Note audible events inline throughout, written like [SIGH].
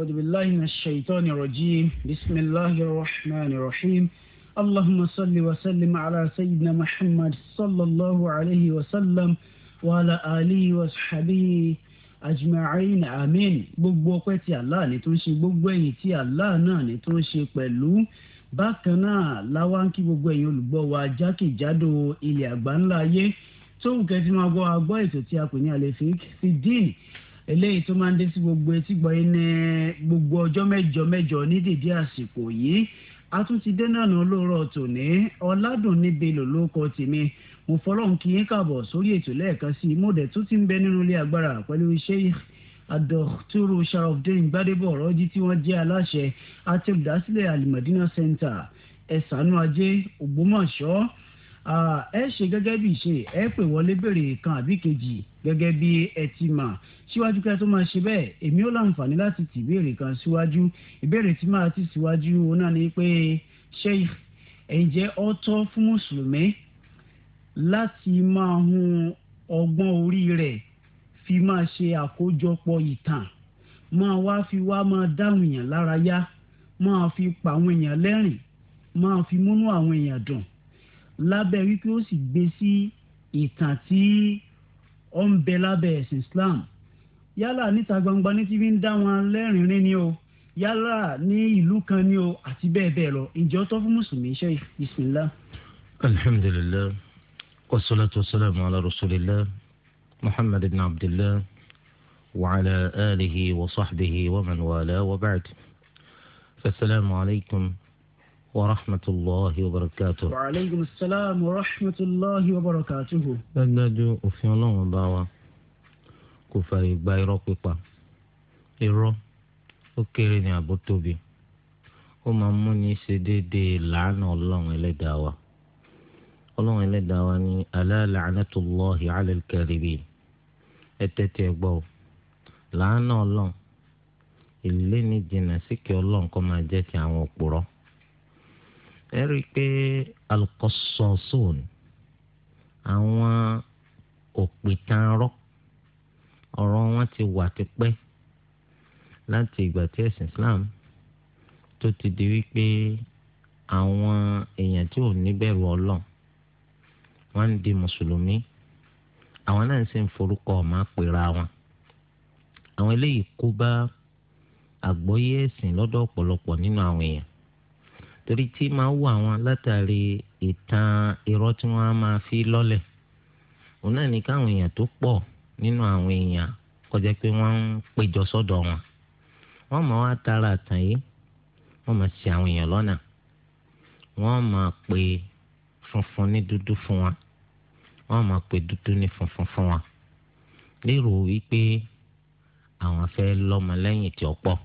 أعوذ بالله من الشيطان الرجيم بسم الله الرحمن الرحيم اللهم صل وسلم على سيدنا محمد صلى الله عليه وسلم وعلى آله وصحبه ajma'in amin gbogbo ọpẹ́ tí Allah ni tó ń ṣe gbogbo ẹ̀yìn tí Allah náà ni tó ń ṣe pẹ̀lú bákan náà láwa ń kí gbogbo ẹ̀yin olùgbọ́ wa jákèjádò ilẹ̀ àgbáńlá ayé tóun kẹfì máa gbọ́ agbọ́ ètò tí a pè ní alefik fidin eléyìí tó máa ń dé sí gbogbo etí gbọ́ iná gbogbo ọjọ́ mẹ́jọ mẹ́jọ ní dèdé àsìkò yìí a tún ti dé náà náà lóòrọ̀ tòní ọ̀làdùn níbi lòlóko tèmi mo fọlọ́run kí yín kàbọ̀ sórí ètò lẹ́ẹ̀kan sí i mo dẹ̀ ti ń bẹ nínú ilé agbára pẹ̀lú iṣẹ́ adọ́túrú sharafdin gbadebo ọ̀rọ̀jì tí wọ́n jẹ́ aláṣẹ àti olùdásílẹ̀ alimadina center ẹ̀sánú ajé ògbómọ̀ṣọ́ ẹ ṣe gẹ́gẹ́ bí ṣe ẹ pè wọlé béèrè kan àbí kejì gẹ́gẹ́ bí ẹ ti mà síwájú kí ẹ tó máa ṣe bẹ́ẹ̀ èmi ó láǹfààní láti tì béèrè kan síwájú ìbéèrè tí máa ti síwájú ọ̀nà ni pé ṣé ǹjẹ́ ó tọ́ fún mùsùlùmí láti máa hun ọgbọ́n orí rẹ̀ fi máa ṣe àkójọpọ̀ ìtàn máa wá fi wá máa dáhùn èèyàn lára máa fi pa àwọn èèyàn lẹ́rìn máa fi múnú àwọn èèyàn dùn lábẹ́ wípé ó sì gbé sí ìtàn tí ó ń bẹ lábẹ́ ẹ̀sìn Islam yálà níta gbangba ní tí ń dá wọn lẹ́rìn ni o yálà ní ìlú kan ni o àti bẹ́ẹ̀ bẹ́ẹ̀ lọ ǹjẹ́ ó fún mùsùlùmí iṣẹ́ bismillah. alhamdulilayi wasalaatu wasalaamu ala rasulillah muhammad ibn abdillah wa ala alihi wa sahbihi wa man wa ba'd. fasalaamu alaykum. ورحمة الله وبركاته وعليكم السلام ورحمة الله وبركاته dájú òfin ọlọ́run bá wa kò fààyè gba irọ́ pípa irọ́ ó kéré ní àbó tóbi ó máa mú ní ṣe déédéé làánà ọlọ́run ẹlẹ́dàá wa ọlọ́run ẹlẹ́dàá wa ní ala la'natullahi 'ala al-kadhibin ẹ tẹ́tí ẹ gbọ́ làánà ọlọ́run ìlénijìnà síkẹ́ ọlọ́run kọ́ máa jẹ́ ti àwọn òpùrọ́ ẹ rí i pé alukọ́sọ̀ọ́sọ̀n àwọn òpìtànrọ́ ọ̀rọ̀ wọn ti wà tipẹ́ láti ìgbà tí ẹ̀sìn Islam tó ti di wípé àwọn èèyàn tí ò níbẹ̀rù ọlọ́run wọ́n ń di mùsùlùmí àwọn náà sì ń forúkọ ọ̀mà pera wọn àwọn eléyìí kó bá àgbọ́yé ẹ̀sìn lọ́dọ̀ ọ̀pọ̀lọpọ̀ nínú àwọn èèyàn torí tí máa wù àwọn látàrí ìtàn irọ́ tí wọ́n á máa fi lọ́lẹ̀ òun náà ní káwọn èèyàn tó pọ̀ nínú àwọn èèyàn kọjá pé wọ́n ń péjọ sọ́dọ̀ wọn wọ́n máa wá tara àtàn yìí wọ́n máa ṣe àwọn èèyàn lọ́nà wọ́n máa pe funfun ní dúdú fún wa wọ́n máa pe dúdú ní funfun fún wa lérò wípé àwọn fẹ́ lọ́mọ lẹ́yìn tí ó pọ̀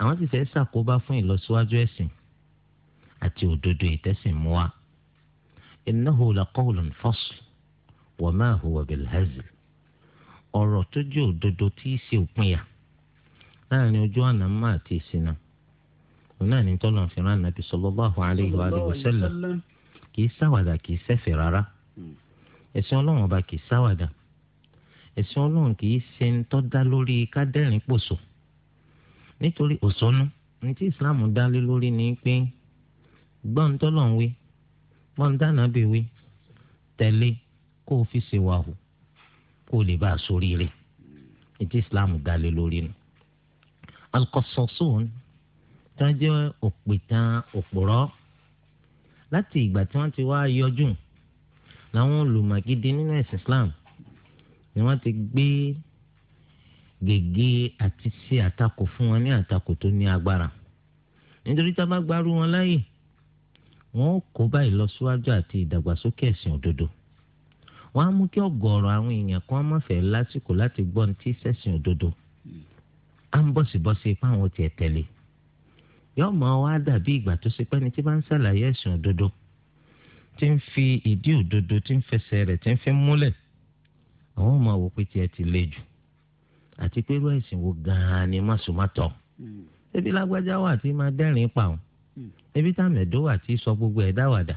àwọn sì fẹ́ ṣàkóbá fún ìlọsíwájú ẹ̀sìn àti òdodo ìtẹ́sìmúwa. innahu laqawlun fasl wa ma huwa bilhazl. ọ̀rọ̀ tó jẹ́ òdodo tí í ṣe òpinya láàrin ojú ọ̀nà mọ́ àti ìṣìnà. òun náà ní tọ́lọ̀ fi rán nàbì sallallahu alayhi wa sallam kì í sáwàdà kì í ṣẹ̀fẹ̀ rárá. ẹ̀sìn ọlọ́run ọba kì í sáwàdà. ẹ̀sìn ọlọ́run kì í ṣe ń tọ́ dá lórí kádẹ́rìn pòṣò. nítorí òṣónú ní tí ìsìláàmù dá lé lórí ni pé gbọ́n tọ́lọ̀ ń wí gbọ́n dáná bí wí tẹ̀lé kó o fi ṣèwà hù kó o lè bá a sórí rẹ̀ ètí islam dalé lórí nu. alkọsọsọ́n tó jẹ́ òpìtàn òpùrọ́ láti ìgbà tí wọ́n ti wá yọjú làwọn olùmọ̀gidi nínú ẹ̀sìn islam ni wọ́n ti gbé gègé àti ṣe àtakò fún wọn ní àtakò tó ní agbára nítorí tá a bá gbárù wọn láyè wọn ó kó bá ìlọsíwájú àti ìdàgbàsókè ẹ̀sìn òdodo wọn á mú kí ọ̀gọ̀ọ̀rọ̀ àwọn èèyàn kan má fẹ́ lásìkò láti gbọ́ ní tí sẹ́sìn òdodo á ń bọ̀sibọ́sí ipá àwọn tiẹ̀ tẹ̀lé yóò mọ wá dàbí ìgbà tó ṣe pé ẹni tí bá ń ṣàlàyé ẹ̀sìn òdodo tí ń fi ìdí òdodo tí ń fẹsẹ̀ rẹ̀ tí ń fi múlẹ̀ àwọn ọmọ wò pé tiẹ̀ ti le jù àti pé irú ẹ̀sìn wo gan-an ni mọ̀sùmọ́tọ̀ ẹbí hmm. lágbájá wà tí máa dẹ́rìn pa òun ebi tá mẹ̀dọ́ wà tí sọ gbogbo ẹ̀ dáwàdà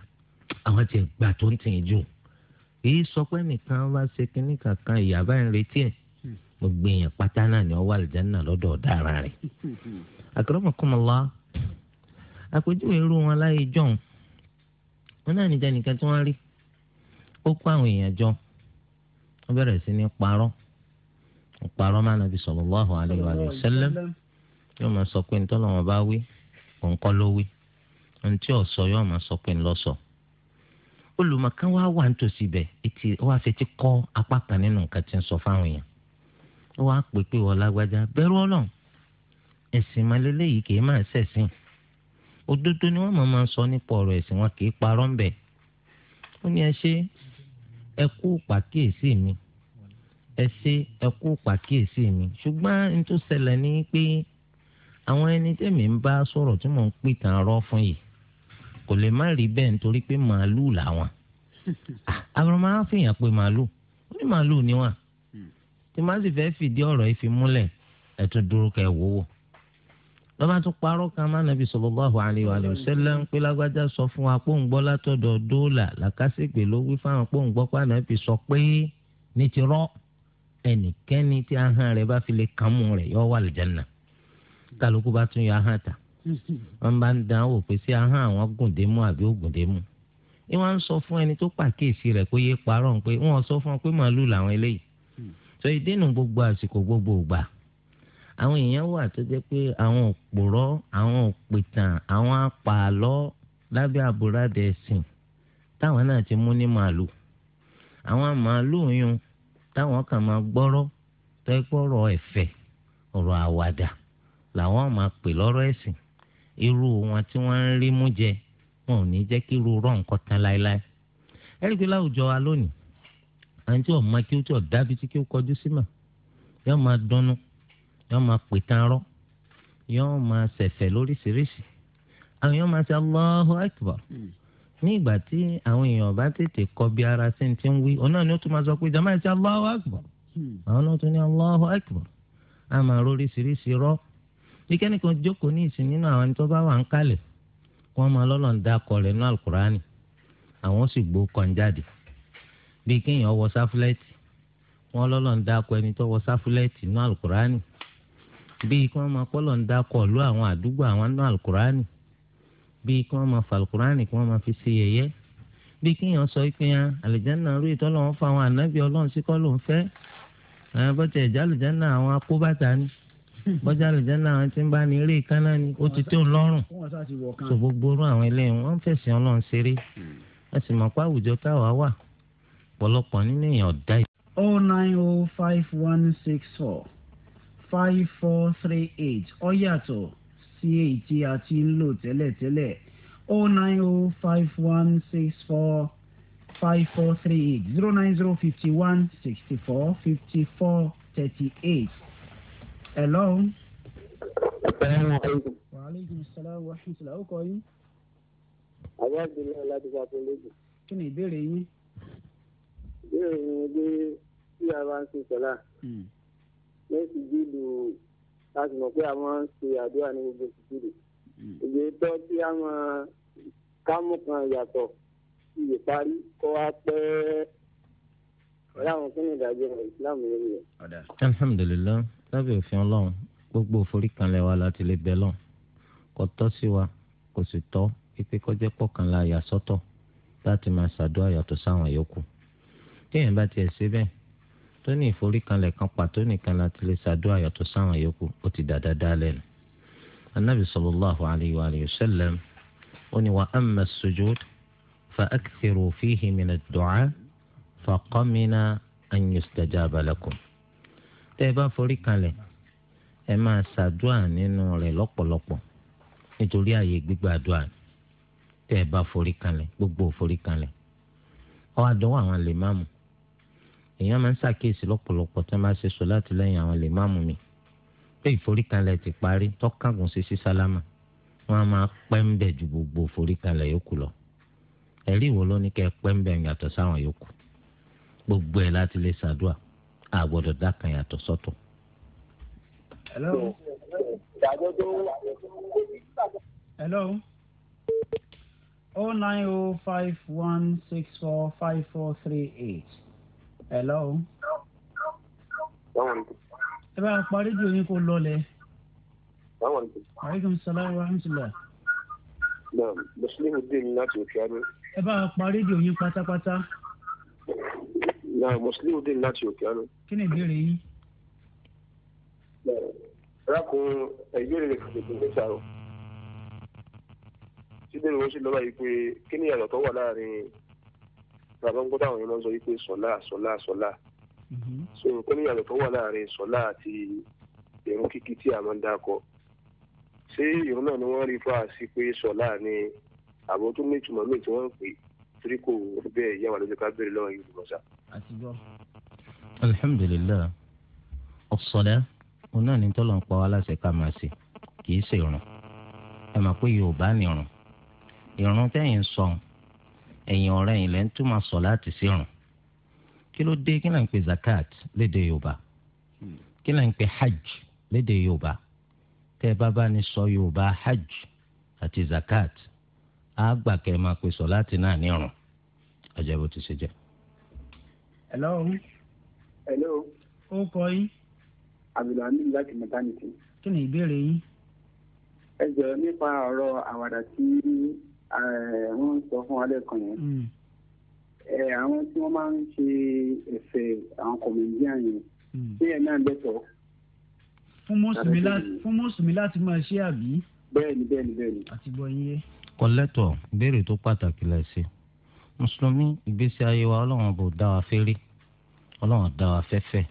àwọn tiẹ̀ gbà tó ń tìyìn jù èyí sọ pé nìkan wá ṣe kínní kankan ìyá bá ń retí ẹ̀ gbogbo èèyàn pátá náà ni ọwọ́ àlùjáná lọ́dọ̀ ọ̀daràn rẹ̀ àkàràmọ̀kọ́mọ̀lá àpèjúwe irú wọn láyé jọ̀hún wọn náà níjà nìkan tí wọ́n rí ó kó àwọn èèyàn jọ wọ́n bẹ̀rẹ̀ sí ní parọ́ parọ́ máa nàbí sallallahu alaihi wa sallam yóò máa sọ pé nítorí wọn bá wí nǹkan ló wí ohun tí ọ̀sọ yóò máa sọ pé ńlọ sọ olùmọ̀kan wá wà nítòsí bẹ̀ etí wá fẹ́ ti kọ́ apá kan nínú nǹkan tí ń sọ fáwọn èèyàn ó wá pè pé wọ́n lágbájá bẹ̀rù ọlọ́run ẹ̀sìn malélé yìí kì í máa ṣẹ̀sìn òdodo ni wọ́n máa máa sọ nípa ọ̀rọ̀ ẹ̀sìn wọn kì í parọ́ àwọn ẹni tẹ̀mí ń bá sọ̀rọ̀ tí mò ń pè tán rọ́ fún yìí kò lè má rí bẹ́ẹ̀ nítorí pé màálù làwọn [LAUGHS] ah, àwọn máa ń fìyàn pé màálù ó ní màálù níwọ̀n hmm. tí màá sì fẹ́ fìdí ọ̀rọ̀ yìí fi múlẹ̀ ẹ̀ tún dúró kẹ́ wò wò lọ́ba tún parọ́ kan máa nàbí sallallahu alaihi wa sallam ń pé lágbájá sọ fún wa pé látọ̀dọ̀ dóòlà làkàṣègbè ló wí fáwọn pé òun sọ pé ní ti rọ́ ẹnikẹ́ni tí ahọ́n rẹ̀ bá fi lè kàn rẹ̀ yọ wà lìjánà kálukú bá tún yọ ahọ́n ta wọ́n bá ń dán wò pé sí ahọ́n àwọn gùndémù àbí ògùndémù ni wọ́n ń sọ fún ẹni tó pàkíyèsí rẹ̀ pé yé parọ́ ń pé wọ́n sọ fún ọ pé màálùú làwọn eléyìí sọ ìdènà gbogbo àsìkò gbogbo ògbà àwọn èèyàn wà tó jẹ́ pé àwọn òpòrọ́ àwọn òpìtàn àwọn apààlọ́ lábẹ́ àbúradà ẹ̀sìn táwọn náà ti mú ní màálùú àwọn màálùú yun táwọn kàn máa gbọ́rọ́ tẹ́gbọ́rọ̀ ẹ̀fẹ̀ ọ̀rọ̀ àwàdà làwọn máa pè lọ́rọ̀ ẹ̀sìn irú wọn tí wọ́n ń rí mú jẹ wọn ò ní jẹ́ kí irú rọ̀ nǹkan tán láéláé ẹ̀rí pé láwùjọ wa lónìí àwọn tí ọ̀ma kí ó tí ọ̀dábí tí kí ó kọjú sí mà yóò máa dunnú yóò máa pè tán rọ́ yóò máa ṣẹ̀fẹ̀ lóríṣiríṣi àwọn yóò máa ṣe Allahu Akbar ní ìgbà tí àwọn èèyàn bá tètè kọ bí ara sí ti ń wí òun ni ó tún máa sọ pé jama ẹ ṣe Allahu Akbar àwọn náà tún ní Allahu Akbar a máa róríṣiríṣi rọ́ bí kẹ́nìkan jókòó ní ìsìn nínú àwọn tó bá wà ń kalẹ̀ kó wọn máa lọ́lọ́ ń da akọ rẹ̀ nínú alukurani àwọn sì gbó kan jáde bí kéèyàn wọ sáfúlẹ́ẹ̀tì wọn lọ́lọ́ ń da akọ ẹni tó wọ sáfúlẹ́ẹ̀tì nínú alukurani bí kí wọ́n máa kọ́lọ̀ ń da akọ lú àwọn àdúgbò àwọn nínú alukurani bí kí wọ́n máa fa alukurani kí wọ́n máa fi ṣe yẹ̀yẹ́ bí kéèyàn sọ pé ah, àlùjáná rú ìtọ́lọ́wọ́n fún àwọn ànábì ọlọ́run sí kọ́ ló ń fẹ́ bọ́tẹ̀ ìjà àlùjáná àwọn akóbátà ni bọ́jà àlùjáná àwọn tí ń bá ní eré kaná ni ó ti tó lọ́rùn tó gbogbo orú àwọn eléyìí wọ́n fẹ̀sìn ọlọ́run ṣeré wọ́n sì mọ̀ pé àwùjọ táwa wà pọ̀lọpọ̀ nínú èèyàn ọ̀dá yìí. oh nine oh five one six four five four three eight ó yàtọ̀ sí èyí tí a ti ń lò tẹ́lẹ̀tẹ́lẹ̀ oh nine oh five one six four five four three eight zero nine zero fifty one sixty four fifty four thirty eight hello. salaamaleykum. waaleykum salaam wa rahmatulah ọkọ yín. àbá abdullahi láti fa fún lójú. kí ni ìbéèrè yín. ìbéèrè mi ni pé tí a bá ń ṣe sọ́lá lẹ́sìn jíìlù láti mọ̀ pé a máa ń ṣe àdúrà ní gbogbo ìṣìṣirò hmm. ìgbé tọ́ tí a máa kámú kan yàtọ̀ iye parí kó wá pẹ́ ọ̀rẹ́ àwọn kí ni ìdájọ́ ìsìlámù lórí alhamdulilayi lábẹ́ òfin ọlọ́run gbogbo ìforíkanlẹ̀ wa láti lè bẹ lọ́n kò tọ́ sí wa kò sì tọ́ pípé kọjá pọ̀ kan la yà sọ́tọ̀ láti máa ṣàdúrà yàtọ̀ sáwọn yòókù téèyàn bá tiẹ̀ ṣe bẹ́ẹ̀ tó ní ìforíkanlẹ̀ kan pàtó nìkan láti lè ṣàdúrà yàtọ̀ sáwọn yòókù ó ti dàda dá lẹ́nu anabi sallallahu alayhi wa sallam ó ní wa amma sujud fa akthiru fihi min fa qamina an yustajaba tẹ́ ẹ bá forí kalẹ̀ ẹ máa ṣàdúà nínú rẹ̀ lọ́pọ̀lọpọ̀ nítorí ààyè gbígbà àdúà tẹ́ ẹ bá forí kalẹ̀ gbogbo forí kalẹ̀ ọ àdánwò àwọn lèmáàmù èèyàn máa ń ṣàkíyèsí lọ́pọ̀lọpọ̀ tí wọ́n bá ṣe sọ láti lẹ́yìn àwọn lèmáàmù mi pé ìforíkalẹ̀ ti parí tọ́kàgùn sí sí sálámà wọ́n á máa pẹ́ ń bẹ̀ ju gbogbo ìforíkalẹ̀ yòókù lọ ẹ̀rí ìwọ ló kẹ́ pẹ́ ń bẹ̀ yàtọ̀ àgbọ̀dọ̀ dákan yàtọ̀ sọ́tọ̀. hello oh nine oh five one six four five four three eight hello. ẹ bá a parí ju oyin kó lọlẹ. aleykum salaam wa rahmatulah. muslim dín ní o òkè àná. ẹ bá a parí ju oyin pátápátá na muslim dín láti òkè àná. kí ni ìbéèrè yín. rákun ìbéèrè rẹ̀ kò tètè sàrò. síbẹ̀rẹ̀ wọ́n sì lọ́ba yìí pé kí ni ìyàtọ̀ tó wà láàrin bàbá ń gbọ́dọ̀ àwọn yẹn lọ sọ yìí pé sọ̀lá sọ̀lá sọ̀lá. Mm-hmm. so kí ni ìyàtọ̀ tó wà láàrin sọ̀lá àti ìrun kíkí tí a máa ń dákọ. ṣé ìrun náà ni wọ́n rí fáà sí pé sọ̀lá ni àbótú méjì méjì wọ́n ń pè é torí kò bẹ́ẹ̀ yá wà lójú ká bẹ̀rẹ̀ lọ́wọ́ yìí lọ́sà. alhamdulilayi ọ̀sọ̀dá òun náà ní tọ́lọ̀ ń pa wá láṣẹ ká máa ṣe kì í ṣe ìrun ẹ máa pé yorùbá ní ìrun ìrun tẹ́yìn sọ ẹ̀yìn ọ̀rẹ́ yìí lẹ́ ń túmọ̀ sọ láti sí ìrun kí ló dé kí là zakat léde yorùbá kí là hajj léde yorùbá tẹ́ bá bá ní sọ yorùbá hajj àti zakat á gbà kẹ́ ẹ máa pe sọ láti náà ní ọ̀run ọjọ́ bó ti ṣe jẹ́. hello. hello. ó kọ yín. abdulhamid láti mẹtánìtì. kí ni ìbéèrè yín. ẹ jọ̀ọ́ nípa ọ̀rọ̀ àwàdà tí wọ́n ń sọ fún alẹ́ kan yẹn. Mm. àwọn tí wọ́n máa ń ṣe ẹ̀fẹ̀ àwọn kọ̀mẹ̀díàn yẹn mm. ṣé ẹ̀ náà lẹ́tọ̀ọ́. fún mùsùlùmí láti máa ṣe àbí. bẹ́ẹ̀ni bẹ́ẹ̀ni bẹ́ẹ̀ni. àti bọ iye kọ́lẹ́tọ̀ béèrè tó pàtàkì lẹ̀ sí mùsùlùmí ìgbésí ayé wa ọlọ́run bò dá wa fẹ́rẹ́ ọlọ́run dá wa fẹ́fẹ́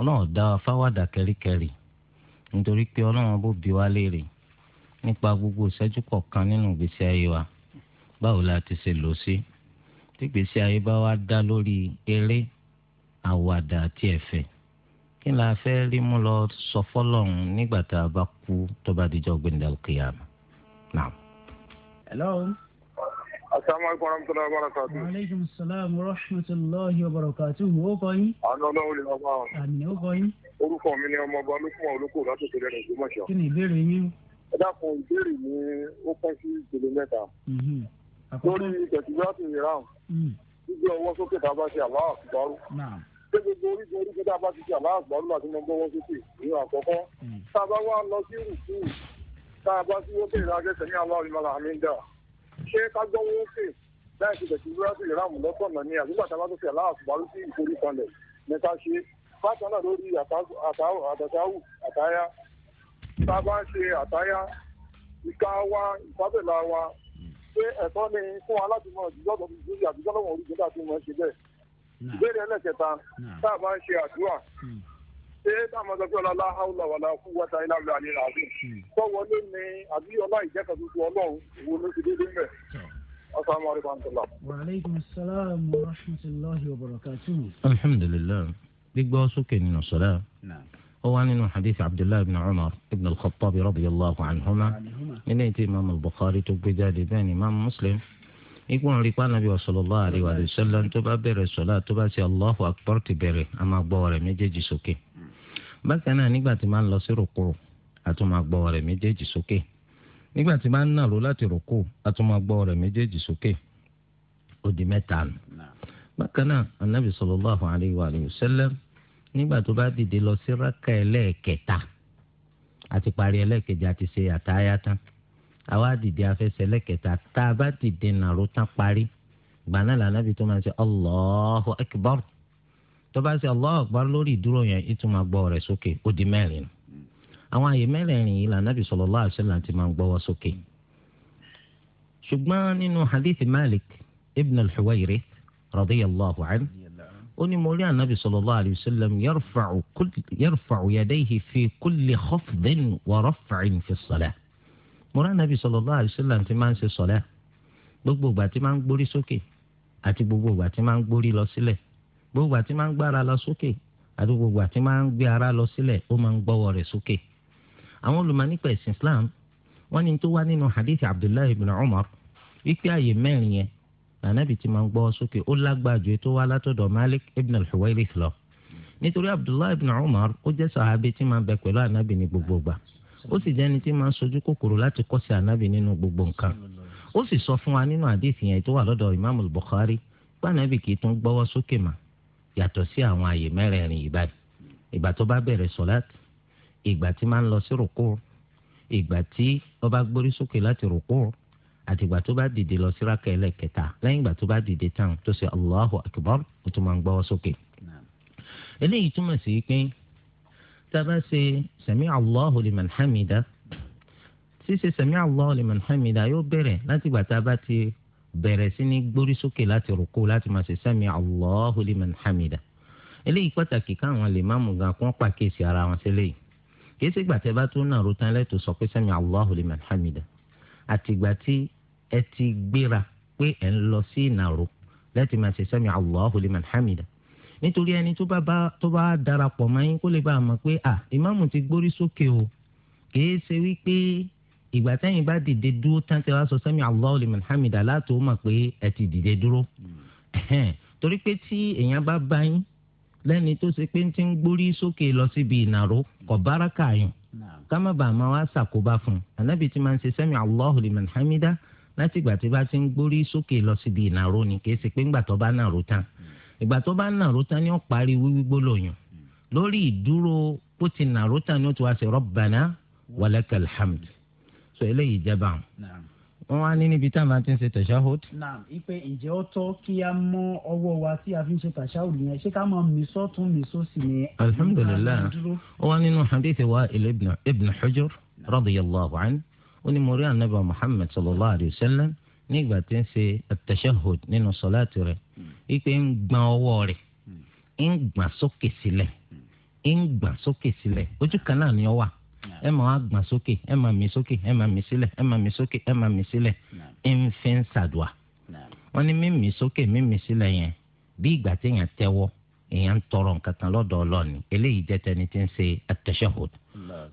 ọlọ́run dá wa fáwádà kẹ́ríkẹ́rí nítorí pé ọlọ́run bò bí wa léèrè nípa gbogbo ìṣẹ́jú kọ̀ọ̀kan nínú ìgbésí ayé wa báwo la ti ṣe lò sí tí ìgbésí ayé bá wa dá lórí eré àwàdà àti ẹ̀fẹ̀ kí la fẹ́ rí mú lọ sọ fọ́lọ́run nígbà tá a bá kú tó bá dijọ́ gbẹ̀ndàlùkìyàmù náà hello. asalaamualeykum warahmatulahi wabarakatuh. maaleykum salaam wa rahmatulahi wa barakatuh. o kọ yín. àná ọlọ́run lè wá bá wa. àmì o kọ yín. orúkọ mi ni ọmọ ọba olókùnmọ̀ olókùn látòkè rẹ̀ lọ́jọ́ mọ̀ṣọ́. kí ni ìbéèrè yín. ẹ dákun ìbéèrè mi ó pẹ́ sí ìpele mẹ́ta. Mhm. lórí tẹ̀síwájú ìran mhm. gbígbé ọwọ́ sókè tá a bá ṣe àbáwọ̀ àkùbárù pé gbogbo orígun orígun tá a bá ti ṣe àbáwọ̀ àkùbárù láti mọ gbọ́wọ́ sókè ní àkọ́kọ́ mhm. tá a bá wá lọ sí rùkú tá a bá dúró pé ìlànà ẹsẹ̀ ní àwọn ìmọ̀lá àmì ń dà ṣé ká gbọ́ owó láì fi tẹ̀sí búrẹ́dì ìráàmù lọ́sọ̀nà ní àdúgbò àtàlátòsí aláàtúbárú sí ìforíkanlẹ̀ nípa ṣe bákan náà lórí àtàwù àtàyà tá a bá ń ṣe àtàyà ìka wa ìfábẹ̀là wa pé ẹ̀tọ́ ni fún aláàtúmọ̀ ìdíjọ́ àdúgbò lọ́wọ́ ṣé táwọn sọ pé ọlọ́lá haúlà wàlá kú wọ́tá ilá rẹ̀ àlè ràbí tọ́wọ́ hmm. ló ní àbí ọlá ìjẹ́kọ̀ tuntun ọlọ́run wo ló ti dédé mẹ́ asalaamualeykum wa aleykum salaam wa rahmatulahi wa barakatuhu. alhamdulilayi gbígbọ́ sókè nínú sọ́lá ó wá nínú hadith abdullahi ibn umar ibn al-khattab radiyallahu anhuma nínú ètò imaamu bukhari tó gbé jáde bẹ́ẹ̀ ni imaamu muslim ikú ń rí pànàbí sallallahu alaihi wa sallam tó bá bẹ̀rẹ̀ sọ́lá tó bá ṣe allahu akbar ti bẹ̀rẹ̀ a máa gbọ́ ọ̀rẹ́ méjèèjì sókè. bákan náà nígbà tí máa ń lọ sí ma àtúmọ̀ gbọ́ rẹ̀ méjèèjì sókè nígbà tí máa ń láti rẹ̀ méjèèjì sókè mẹ́ta nù. bákan náà anabi sallallahu alayhi wa sallam nígbà tó bá dìde lọ sí rákà ẹlẹ́ẹ̀kẹta àti parí ẹlẹ́ẹ̀kejì àti ṣe àtàyà tán àwa dìde afẹsẹ̀ ẹlẹ́ẹ̀kẹta tá a bá dìde nàró tán parí gbàná lànà tó bá ṣe Allahu Akbar lórí ìdúró yẹn ìtumọ̀ gbọ́ rẹ̀ sókè ó di mẹ́rin àwọn àyè mẹ́rẹ̀ẹ̀rin yìí là nàbì sallallahu alaihi wasallam ti máa ń gbọ́wọ́ sókè ṣùgbọ́n nínú hadith Malik ibn al-Huwayrith radiyallahu anhu ó ní mo rí ànábì sallallahu alaihi wasallam yarfa'u yadayhi fi kulli khafdin wa raf'in fi as-salah mo rí ànábì sallallahu alaihi wasallam ti máa ń ṣe sọ̀lá gbogbo ìgbà tí máa ń gbórí sókè àti gbogbo ìgbà tí máa ń gbórí lọ sílẹ̀ gbogbo àti máa ń gbára lọ sókè àti gbogbo àti máa ń gbé ara lọ sílẹ̀ ó máa ń gbọ́wọ́ rẹ̀ sókè. àwọn olùmọ̀ ẹ̀sìn Islam wọ́n ní tó wá nínú hadith Abdullahi ibn Umar wípé àyè mẹ́rin yẹn lànàbì ti máa ń gbọ́wọ́ sókè ó lágbára ju tó wá látọ̀dọ̀ Malik ibn al-Huwayrith lọ nítorí Abdullahi ibn Umar ó jẹ́ sàhábì tí máa ń bẹ pẹ̀lú ànábì ní gbogbo gbà ó sì jẹ́ni tí máa ń sojú kòkòrò láti kọ́ sí ànábì nínú gbogbo nǹkan ó sì sọ fún wa nínú àdéhìí yẹn tó lọ́dọ̀ Imam al-Bukhari pé ànábì kì í tún gbọ́wọ́ sókè mà yàtọ̀ sí àwọn àyè mẹ́rẹ̀ẹ̀rin yìí báyìí ìgbà tó bá bẹ̀rẹ̀ sọ̀láàtì ìgbà tí máa ń lọ sí rùkú ìgbà tí ó bá gbórí sókè láti rùkú àtìgbà tó bá dìde lọ sí rákà ẹlẹ́kẹta lẹ́yìn ìgbà tó bá dìde tán tó ṣe allahu akbar ó tún máa ń gbọ́wọ́ sókè. eléyìí túmọ̀ sí pé tá a bá ṣe sami allahu liman hamida ṣíṣe sami allahu liman hamida yóò bẹ̀rẹ̀ látìgbà tá a bá ti bẹ̀rẹ̀ sí ní gbórí sókè láti rúkú láti máa ṣe sami Allahu liman hamida eléyìí pàtàkì káwọn lè máàmù gan kó pàkíyèsí ara wọn sílẹ̀ yìí kìí ṣe gbàtẹ́ bá tún náà rútan lẹ́tọ̀ọ́ sọ pé sami Allahu liman hamida àtìgbà tí ẹ ti gbéra pé ẹ ń lọ sí ìnàró láti máa ṣe sami Allahu liman hamida nítorí ẹni tó bá darapọ̀ mọ́ yín kó lè bá a mọ̀ pé à ìmáàmù ti gbórí sókè o kìí ṣe wípé ìgbà tẹ́yìn bá dìde dúró tán tẹ́ wá sọ sẹ́mi Allahu liman hamida láti ó mọ̀ pé ẹ ti dìde dúró torí pé tí èèyàn bá bá yín lẹ́ni tó ṣe pé ti ń gbórí sókè lọ síbi ìnáró kò bára kààyàn ká má bàa máa wá ṣàkóbá fún un ànábì tí máa ń ṣe sẹ́mi Allahu liman hamida láti ìgbà tí bá ti ń gbórí sókè lọ síbi ìnáró ni kì í ṣe pé ńgbà tó bá nàró tán hmm. ìgbà tó bá nàró tán ni ó parí wíwí gbólóyàn hmm. lórí ìdúró bó ti nàró tán ni ó ti wá ṣe Rabbana walakal hamd sọ eléyìí jẹba wọn wá ní níbi táwọn máa ti ń ṣe tashahud. naam ipe ǹjẹ́ ó tọ́ kí a mọ ọwọ́ wa tí a fi ń ṣe tashahud yẹn ṣé ká máa mi sọ́tún mi sósì ni. alhamdulilayi ó wá nínú hadith Wa'il ibn Hujr radiyallahu anhu ó ní mo anabi muhammed sallallahu alayhi wa sallam nígbà tí ń ṣe at nínú sọláàtì rẹ̀ wípé hmm. ń gbọ̀n ọwọ́ rẹ̀ hmm. ń gbọ̀n sókè sílẹ̀ ń gbọ̀n sókè sílẹ̀ ojú kan náà ni ó wà ẹ máa gbọ̀n sókè ẹ máa mí sókè ẹ máa mí sílẹ̀ ẹ máa mí sókè ẹ máa mí sílẹ̀ ń fi ń ṣàdùà. wọ́n ní mímí sókè mímí sílẹ̀ yẹn bí ìgbà téèyàn tẹ́wọ́ èèyàn ń tọrọ nǹkan kan lọ́dọ̀ ọlọ́ọ̀ni eléyìí jẹ́ tẹni tí ń ṣe at-tashahhud.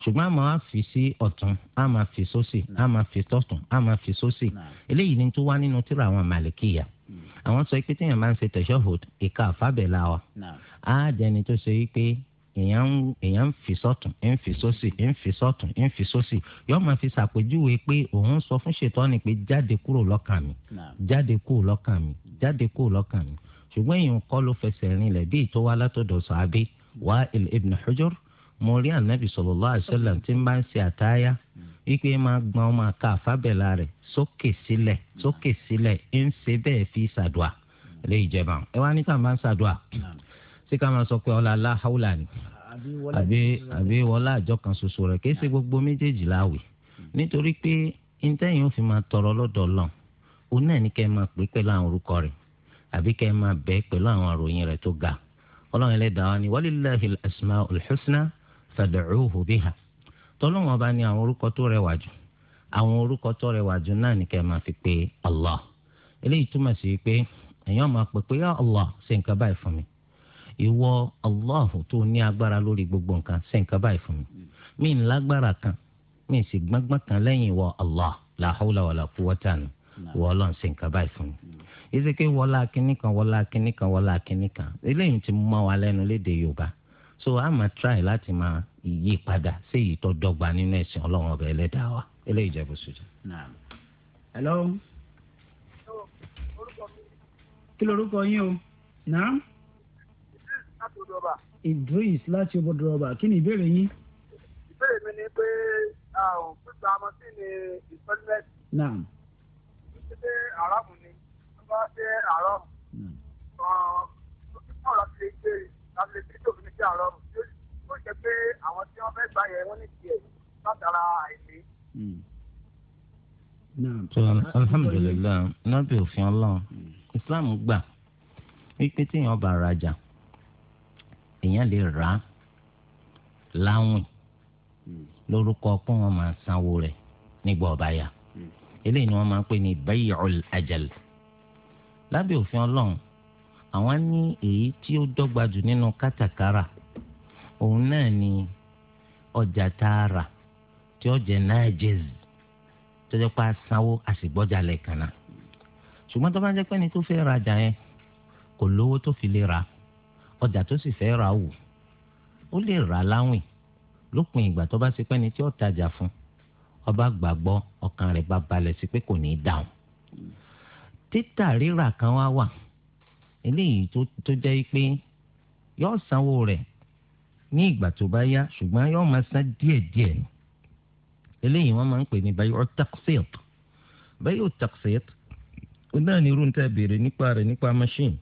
ṣùgbọ́n a máa fi sí ọ̀tún a máa fi sósì a máa fi tọ̀tún a máa fi sósì eléyìí ni tó wá nínú tírà àwọn màlìkìyà hmm. àwọn sọ pé téèyàn máa ń ṣe tashahhud ìka àfábẹ́lá wa á jẹni tó ṣe wípé èèyàn ń fi sọ́tún ń fi sósì ń fi sọ́tún ń fi sósì yóò máa fi ṣàpèjúwe pé òun sọ fún ṣètọ́ni pé jáde kúrò lọ́kàn mi jáde kúrò lọ́kàn mi jáde kúrò lọ́kàn mi ṣùgbọ́n èèyàn kọ́ ló fẹsẹ̀ rinlẹ̀ bí ìtọ́wá látọ̀dọ̀ sàábé Wa'il ibn Hajar, mo rí ànábì sallallahu alaihi wasallam tí ń bá ń ṣe àtáyá wípé máa gbọ́n máa ka àfábẹ́là rẹ̀ sókè sílẹ̀ sókè sílẹ̀ ń ṣe bẹ́ẹ̀ fi ṣàdùà lè ìjẹba tí ká máa sọ pé ọlá aláhàúlà ni àbí àbí wọlá àjọ kan ṣoṣo rẹ̀ kìí ṣe gbogbo méjèèjì láwì hmm. nítorí pé intanet fi máa tọrọ lọ́dọ̀ lọ òun náà ní kẹ́ ẹ máa pè pẹ̀lú àwọn orúkọ rẹ̀ àbí kẹ́ ẹ máa bẹ̀ pẹ̀lú àwọn àròyìn rẹ̀ tó ga ọlọ́run ẹlẹ́dàá wa ni walillahi al-asmaul husna fad'uhu biha tọ́lọ́wọ́n bá ní àwọn orúkọ tó rẹwà jù àwọn orúkọ tó rẹwà jù náà ní kẹ́ máa fi pe Allah eléyìí túmọ̀ sí pé èèyàn máa pè pé Allah ṣe nǹkan báyìí fún mi ìwọ Allahu tó ní agbára lórí gbogbo nǹkan ṣe nǹkan báyìí fún mi kan mi ń sì kan lẹ́yìn ìwọ Allah la hawla wala nù ìwọ Ọlọ́run ṣe nǹkan báyìí fún mi wọla wọlá kínní kan wọlá kínní kan wọlá kínní kan eléyìí ti mọ wa lẹ́nu léde Yorùbá so a máa try láti máa yí padà sí èyí tó dọ́gba nínú ẹ̀sìn Ọlọ́run wa eléyìí bó kí lorúkọ yín o Obodoroba. Idris láti Obodoroba kí ni ìbéèrè yín. ìbéèrè mi ni pé gbígba ọmọ sí ni ìfẹ́lẹ́sì. naam. títí dé àràmù ni wọ́n bá dé àràmù. ọ̀rọ̀ láti lè gbé láti lè gbé tòun ní sí àràmù. yóò jẹ́ pé àwọn tí wọ́n fẹ́ gbà yẹn wọ́n ní tiẹ̀ látara àìlè. tó hmm. alhamdulilayi nábì òfin Ọlọ́run Islam gbà wípé téèyàn bá rajà èèyàn lè rà á láwìn lórúkọ pé wọ́n máa sanwó rẹ̀ nígbà ọ̀bá yá eléyìí ni wọ́n máa ń pè ní bay'ul ajal lábẹ́ òfin ọlọ́run àwọn ní èyí tí ó dọ́gba jù nínú kátàkárà òun náà ni ọjà tààrà tí ọjà náà jẹ́zì tó jẹ́ pé a sanwó a sì gbọ́jà lẹ́ẹ̀kan náà ṣùgbọ́n tó bá jẹ́ pé ẹni tó fẹ́ rajà yẹn kò lówó tó fi lè rà ọjà tó sì fẹ́ ra wò ó lè rà láwìn lópin ìgbà tó bá ti pẹ́ni tí ó tajà fún ọba gbàgbọ́ ọkàn rẹ̀ bá balẹ̀ sí pé kò ní í dáhùn. títà rírà kan wá wà eléyìí tó jẹ́ pé yóò sanwó rẹ̀ ní ìgbà tó bá yá ṣùgbọ́n yóò máa san díẹ̀díẹ̀ ni eléyìí wọ́n máa ń pè ní bayo taxit bayo taxit ó náà ní irú níta béèrè nípa rẹ̀ nípa machine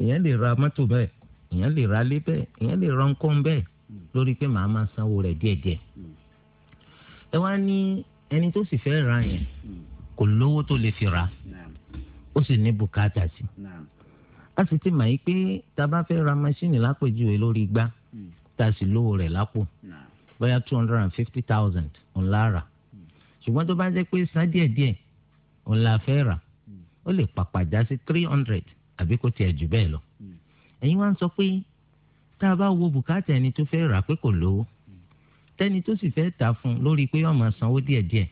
èèyàn lè ra mọ́tò bẹ́ẹ̀ èèyàn lè ra lé bẹ́ẹ̀ èèyàn lè ran kọ́ bẹ́ẹ̀ lórí pé màá máa sanwó rẹ̀ díẹ̀díẹ̀. ẹ wá ní ẹni tó sì fẹ́ ra yẹn kò lówó tó lè fi ra ó sì ní bùkátà sí a sì ti mọ̀ yí pé tá a bá fẹ́ ra maṣíìnì lápèjúwe lórí igbá tá a sì lówó rẹ̀ lápò bóyá two hundred and fifty thousand ńlá rà ṣùgbọ́n tó bá jẹ́ pé san díẹ̀díẹ̀ ńlá fẹ́ rà ó lè pàpà já sí three hundred àbí kò tiẹ̀ jù bẹ́ẹ̀ lọ ẹ̀yin wá ń sọ pé tá a bá wo bùkátà ẹni tó fẹ́ rà pé kò lówó tẹ́ni tó sì fẹ́ tà fún un lórí pé yóò máa sanwó díẹ̀díẹ̀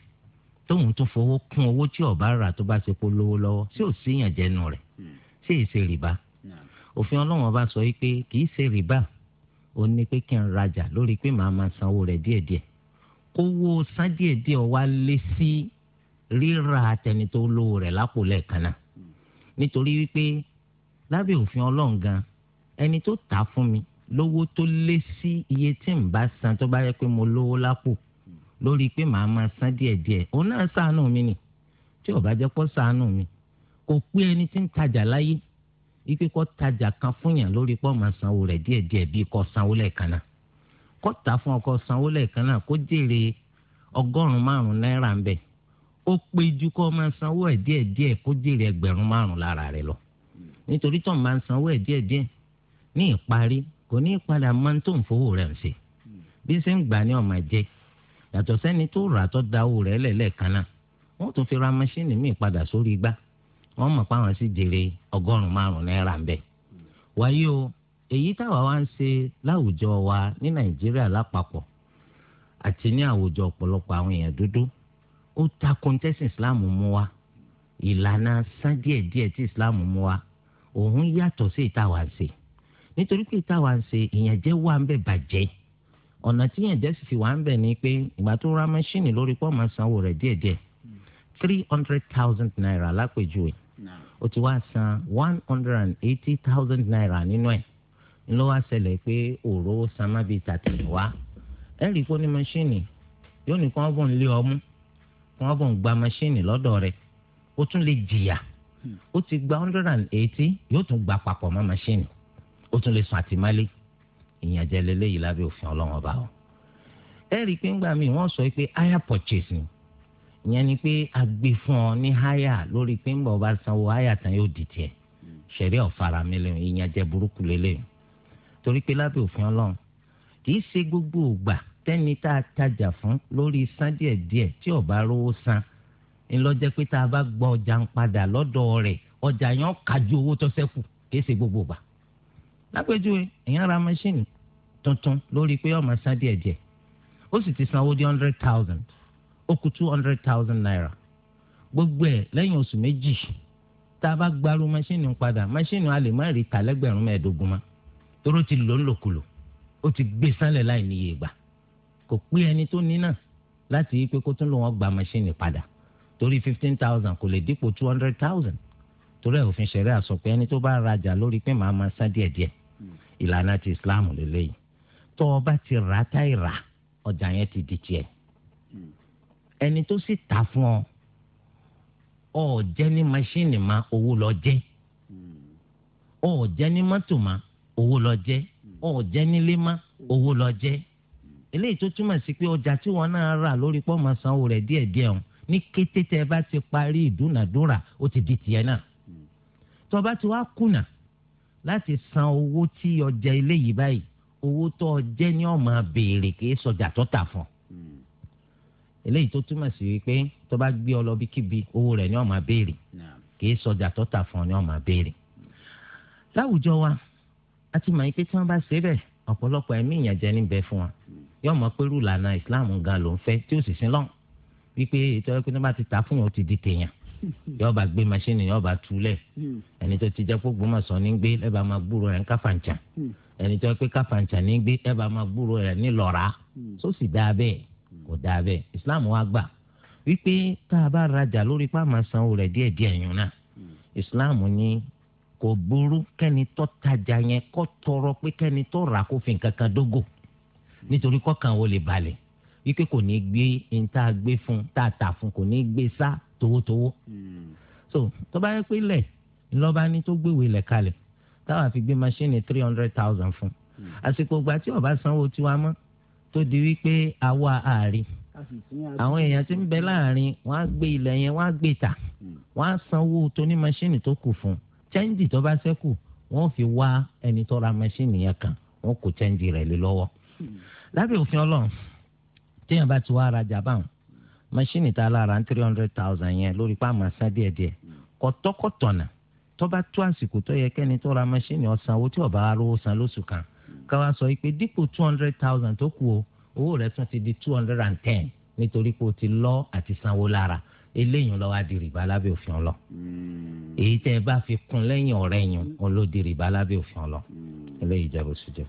tóun tún fowó kún owó tí ọba rà tó bá ṣe kó lówó lọ́wọ́ sí ò síyàn jẹnu rẹ̀ sí èsè rìbá òfin ọlọ́wọ́n bá sọ pé kì í ṣe rìbá ó ní pé kí n rajà lórí pé màá máa sanwó rẹ̀ díẹ̀díẹ̀ kówó san díẹ̀díẹ̀ wá lé sí rírà tẹni tó lówó rẹ̀ lápò lẹ́ẹ̀kan náà nítorí wípé lábẹ́ òfin ọlọ́run ẹni tó tà á fún mi lówó tó lé sí iye tí n bá san tó bá yẹ pé mo lówó lápò lórí pé màá máa san díẹ̀díẹ̀ òun náà ṣàánú mi nì tí ò bá jẹ́ pọ́ ṣàánú mi kò pé ẹni tí ń tajà láyé ike kọ́ tajà kan fún yàn lórí pọ́ máa sanwó rẹ̀ díẹ̀díẹ̀ bíi kọ sanwó lẹ́ẹ̀kan náà kọ́ tà fún ọkọ sanwó lẹ́ẹ̀kan náà kó jèrè ọgọ́rùn-ún márùn-ún náírà ń bẹ̀ ó pé ju kọ́ máa sanwó ẹ̀ díẹ̀díẹ̀ kó jèrè ẹgbẹ̀rún márùn-ún lára rẹ̀ lọ nítorí tó máa sanwó ẹ̀ díẹ̀díẹ̀ ní ìparí kò ní padà máa ń tó nfowó rẹ̀ ń ṣe bí ṣe ń gbà ní ọmọ jẹ yàtọ̀ sẹ́ni tó rà tó da owó rẹ̀ lẹ́lẹ́kan náà wọ́n tún fi ra maṣíìnì míì padà sórí igbá wọ́n mọ̀ pé àwọn sì jèrè ọgọ́rùn-ún márùn-ún náírà ń bẹ̀. wáyé o èyí táwa wá ń ṣe láwùjọ wa ní nàìjíríà lápapọ̀ àti ní àwùjọ ọ̀pọ̀lọpọ̀ àwọn èèyàn dúdú ó ta kọ́ńtẹ́sì islam mú wa ìlànà sán díẹ̀díẹ̀ tí islam mú wa òun yàtọ̀ sí ìtawà ṣe. Si nítorí pé táwa ń ṣe ìyànjẹ́ wà ń bẹ̀ bàjẹ́ ọ̀nà tí ìyànjẹ́ sì fi wà ń bẹ̀ ni pé ìgbà tó ra mẹ́ṣíìnì lórí pọ́ọ̀mù sanwó rẹ̀ díẹ̀díẹ̀ three hundred thousand naira lápèjúwe o ti wá san one hundred and eighty thousand naira nínú ẹ̀ ńlọ wá ṣẹlẹ̀ pé òró samabi tàtẹ̀wá ẹ̀ rí i pé ní mẹ́ṣíìnì yóò ní kí wọ́n bọ̀ ń lé ọmú kí wọ́n ń gba mẹ́ṣíìnì lọ́dọ̀ rẹ̀ ó tún lè jìyà hmm. ó ti gba hundred and eighty yóò tún gba papọ̀ mọ́ mẹ́ṣíìnì ó tún lè sùn àtìmọ́lé ìyànjẹ lélẹ́yìí lábẹ́ òfin ọlọ́wọ́n bá wọn. ẹ rí i pé ńgbà míì wọ́n sọ pé hire purchase ni ìyẹn ni pé a gbé fún ọ ní hire lórí pé ńgbà ọba sanwó hire tán yóò di tiẹ̀ ṣẹ̀rí ọ̀fara mílíọ̀nù ìyànjẹ burúkú lélẹ́yìn torí pé lábẹ́ òfin ọlọ́run kì í ṣe gbogbo ògbà tẹ́ni tá a tajà fún lórí san díẹ̀díẹ̀ tí ó rówó san ńlọ́jẹ́ pé tá a bá gbọ́ ọjà ń padà lọ́dọ̀ rẹ̀ ọjà yẹn kájú owó tó ṣẹ́kù kì í ṣe gbogbo ògbà lápèjúwe èèyàn ra mẹ́ṣíìnì tuntun lórí pé ọmọ san díẹ̀ díẹ̀ ó sì ti sanwó di hundred thousand ó kù two hundred thousand naira gbogbo ẹ̀ lẹ́yìn oṣù méjì tá a bá gbaru mẹ́ṣíìnì padà mẹ́ṣíìnì a lè má rí ta lẹ́gbẹ̀rún mẹ́ẹ̀ẹ́dógún mọ́ toró ti lò ń lòkulò ó ti gbé sálẹ̀ láì níye gbà kò pé ẹni tó ní náà láti yí pé kó tún lò wọ́n gba mẹ́ṣíìnì padà torí fifteen thousand kò lè dípò two hundred thousand torí ẹ̀ òfin ṣẹ̀rẹ́ àsọpẹ́ ẹni tó bá rajà lórí pé màá máa san díẹ̀díẹ̀ ìlànà ti islam lélẹ́yìí tó o bá ti rà táì rà ọjà yẹn ti di tiẹ̀ ẹni tó sì ta fún ọ ọ jẹ́ ní masíìnì ma owó lọ jẹ́ ọ jẹ́ ní mọ́tò ma owó lọ jẹ́ ọ jẹ́ nílé ma owó lọ jẹ́ eléyìí tó túmọ̀ sí pé ọjà tí wọ́n náà rà lórí pọ́ máa sanwó rẹ̀ díẹ̀díẹ̀ ọ̀hún ní kété tẹ́ bá ti parí ìdúnàdúrà ó ti di tiẹ̀ náà tó o bá ti wá kùnà láti san owó tí ọjà eléyìí báyìí owó tó ọjẹ ni ó máa béèrè kì í sọjà tó tà fún hmm. eléyìí tó túmọ̀ sí wípé tó bá gbé ọ lọ bíkíbi owó rẹ̀ ni ó máa béèrè kì í sọjà tó tà fún ni ó máa béèrè. láwùjọ wa a ti mọ̀ yín pé tí wọ́n bá ṣe bẹ́ẹ̀ ọ̀pọ̀lọpọ̀ ẹ̀mí ìyànjẹ níbẹ̀ fún wa yóò mọ̀ pé rúlànà ìsìláàmù gan ló ń fẹ́ tí ó sì sin lọ́n wípé ètò ẹ̀kọ́ tó bá ti tà fún yàn ti di tèèyàn yóò bá gbé machine yóò bá túlẹ̀ hmm. ẹni tó ti jẹ́ kó gbọ́mọ̀ sọ ní gbé ẹ bá máa gbúrò ẹ̀ ń káfàǹchà hmm. ẹni tó pé káfàǹchà ní gbé ẹ bá máa gbúrò ẹ̀ ní lọ́ra tó hmm. sì dáa bẹ́ẹ̀ kò dáa bẹ́ẹ̀ Islam wa gbà wípé tá a bá rajà lórí pàmò sanwó rẹ̀ díẹ̀ díẹ̀ yun náà Islam ní kò burú kẹ́ni tó tajà yẹn kó tọrọ pé kẹ́ni tó rà kó fi nǹkan kan dógò nítorí kọ́kàn wo lè balẹ̀ wípé kò ní gbé ní tá a gbé fún tá a tà fún kò ní gbé sá towótowó hmm. so tó bá yẹ pé lẹ̀ ńlọ́ba ní tó gbéwèé lẹ̀ kalẹ̀ táwa fi gbé machine three hundred thousand fún hmm. àsìkò ìgbà tí ọba sanwó tiwa mọ́ tó di wípé àwa àárín àwọn èèyàn tí ń bẹ láàrin wọn á gbé ilẹ̀ yẹn wọn á gbé ta hmm. wọn á sanwó tóní machine tó kù fún chẹ́ńjì tó bá ṣẹ́kù wọ́n fi wá ẹni tó ra machine yẹn kan wọ́n kó chẹ́ńjì rẹ̀ lé lọ́wọ́ lábẹ́ òfin ọlọ́run téèyàn bá ti wá rajà báwọn mashini ta lára three hundred thousand yẹn lórí pa àmà san díẹ̀ díẹ̀ kọtọkọtọnà tó bá tó àsìkò tó yẹ kẹ́ni tó ra mashini ọ̀sán owó tí ọba arówó san lóṣù kan káwa sọ pé dípò two hundred thousand tó kù o owó rẹ̀ tún ti di two hundred and ten nítorí pé o ti lọ àti sanwó lára eléyìí lọ́wọ́ di rìbá lábẹ́ òfin ọlọ hmm. èyí tẹ́ ẹ bá fi kún lẹ́yìn ọ̀rẹ́ yìí ó ló di rìbá lábẹ́ òfin ọlọ hmm. eléyìí jẹ́ bó ṣe jẹ́.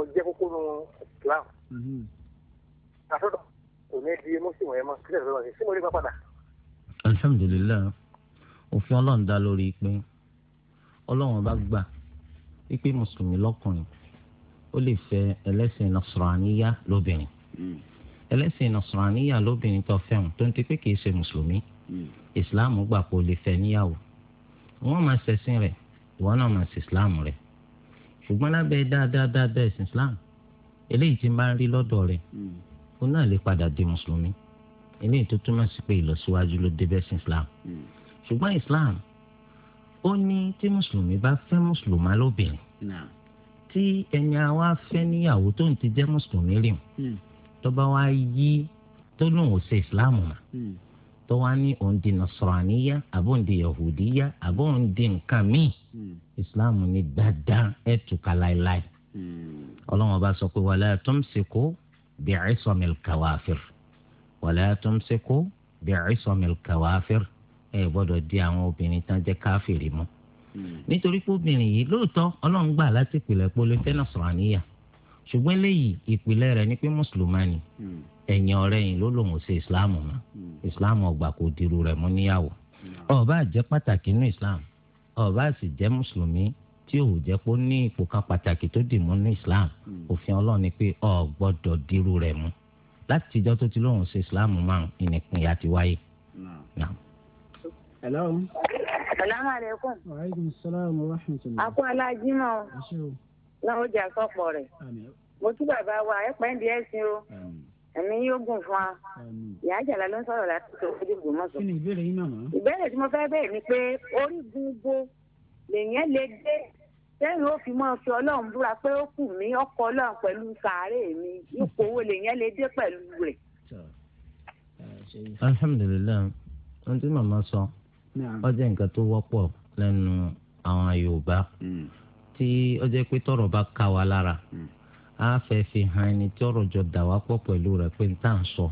ọjẹ́ kókó nu islam mhm. àtọ́dọ̀ kò ní di mọ́sùn ẹ̀ mọ́ kílẹ̀ lọ́wọ́ sí sí mo rí bá padà. alhamdulilayi òfin ọlọ́run dá lórí pé ọlọ́run bá gbà pípé mùsùlùmí lọ́kùnrin ó lè fẹ́ ẹlẹ́sìn nasraniya lóbìnrin mm. ẹlẹ́sìn nasraniya lóbìnrin tó fẹ́hùn tó ń ti pé kìí ṣe mùsùlùmí ìsìláàmù mm. gbà kó lè fẹ́ níyàwó wọ́n máa ṣẹ̀sìn rẹ̀ ìwọ náà máa ṣe ìsìláàmù rẹ̀ ṣùgbọ́n lábẹ́ dáadáa dáadáa ẹ̀sìn islam eléyìí ti máa ń rí lọ́dọ̀ rẹ̀ hmm. ó náà lè padà di mùsùlùmí eléyìí tó túmọ̀ sí pé ìlọsíwájú ló dé bẹ́sìn islam hmm. ṣùgbọ́n islam ó ní tí mùsùlùmí bá fẹ́ mùsùlùmá lóbìnrin tí ẹni àwa fẹ́ níyàwó tó ń ti jẹ́ mùsùlùmí rìn hmm. tó bá wá yí tó lóun ò ṣe islam mọ́. Mm tó wá ní òun di nasraniya àbóun di yahudiya àbóun di nǹkan míì hmm. islam ní dáadáa ẹ̀ túká láéláé hmm. ọlọ́run ọba sọ pé wala tumsiku bi'isamil kawafir wala tumsiku bi'isamil kawafir ẹ̀ gbọ́dọ̀ di àwọn obìnrin tán jẹ́ káfìrí mọ́ hmm. nítorí pé obìnrin yìí lóòótọ́ ọlọ́run gbà láti pìlẹ̀ polo fẹ́ nasraniya. Mm ṣùgbọ́n eléyìí ìpìlẹ̀ rẹ̀ ni pé mùsùlùmánì hmm. ẹ̀yìn ọ̀rẹ́ yìí ló lòun ṣe ìsìláàmù mọ́ ìsìláàmù hmm. ọgbà kò dirú rẹ̀ mú níyàwó hmm. ó bá jẹ́ pàtàkì nínú ìsìláàmù ó bá sì jẹ́ mùsùlùmí tí ò jẹ́ pé ó ní ipò kan pàtàkì tó dì mú ní islam òfin ọlọ́run ni pé ọ gbọ́dọ̀ dirú rẹ̀ mú láti ìjọ tó ti lóun ṣe islam máa ń ìnìpínyà ti wáyé. Hello. Assalamu alaikum. Àkú alájímọ̀ náà ó jẹ àsọpọ̀ rẹ̀ mo tún bàbá wa ẹ pẹ́ díẹ̀ sí o ẹ̀mí yóò gùn fún wa ìyá àjàlá ló ń sọ̀rọ̀ láti tó ojú Ògbómọ̀ṣọ́. kí ni ìbéèrè yín màmá. ìbéèrè tí mo fẹ́ bẹ̀rẹ̀ ni pé orí gbogbo lèyẹn lè dé sẹ́yìn ó fi máa fi ọlọ́run búra pé ó kù mí ọkọ̀ ọlọ́run pẹ̀lú sàárè mi ipò owó lèyẹn lè dé pẹ̀lú rẹ̀. alhamdulilayi ohun tí màmá sọ ó jẹ́ nǹkan tó wọ́pọ̀ lẹ́nu àwọn Yorùbá hmm. tí ọjọ́ pé tọ̀rọ̀ bá ká wa lára hmm. a fẹ́ fi hàn ẹni tí ọ̀rọ̀ jọ dà wá pọ̀ pẹ̀lú rẹ̀ pé n tà ń sọ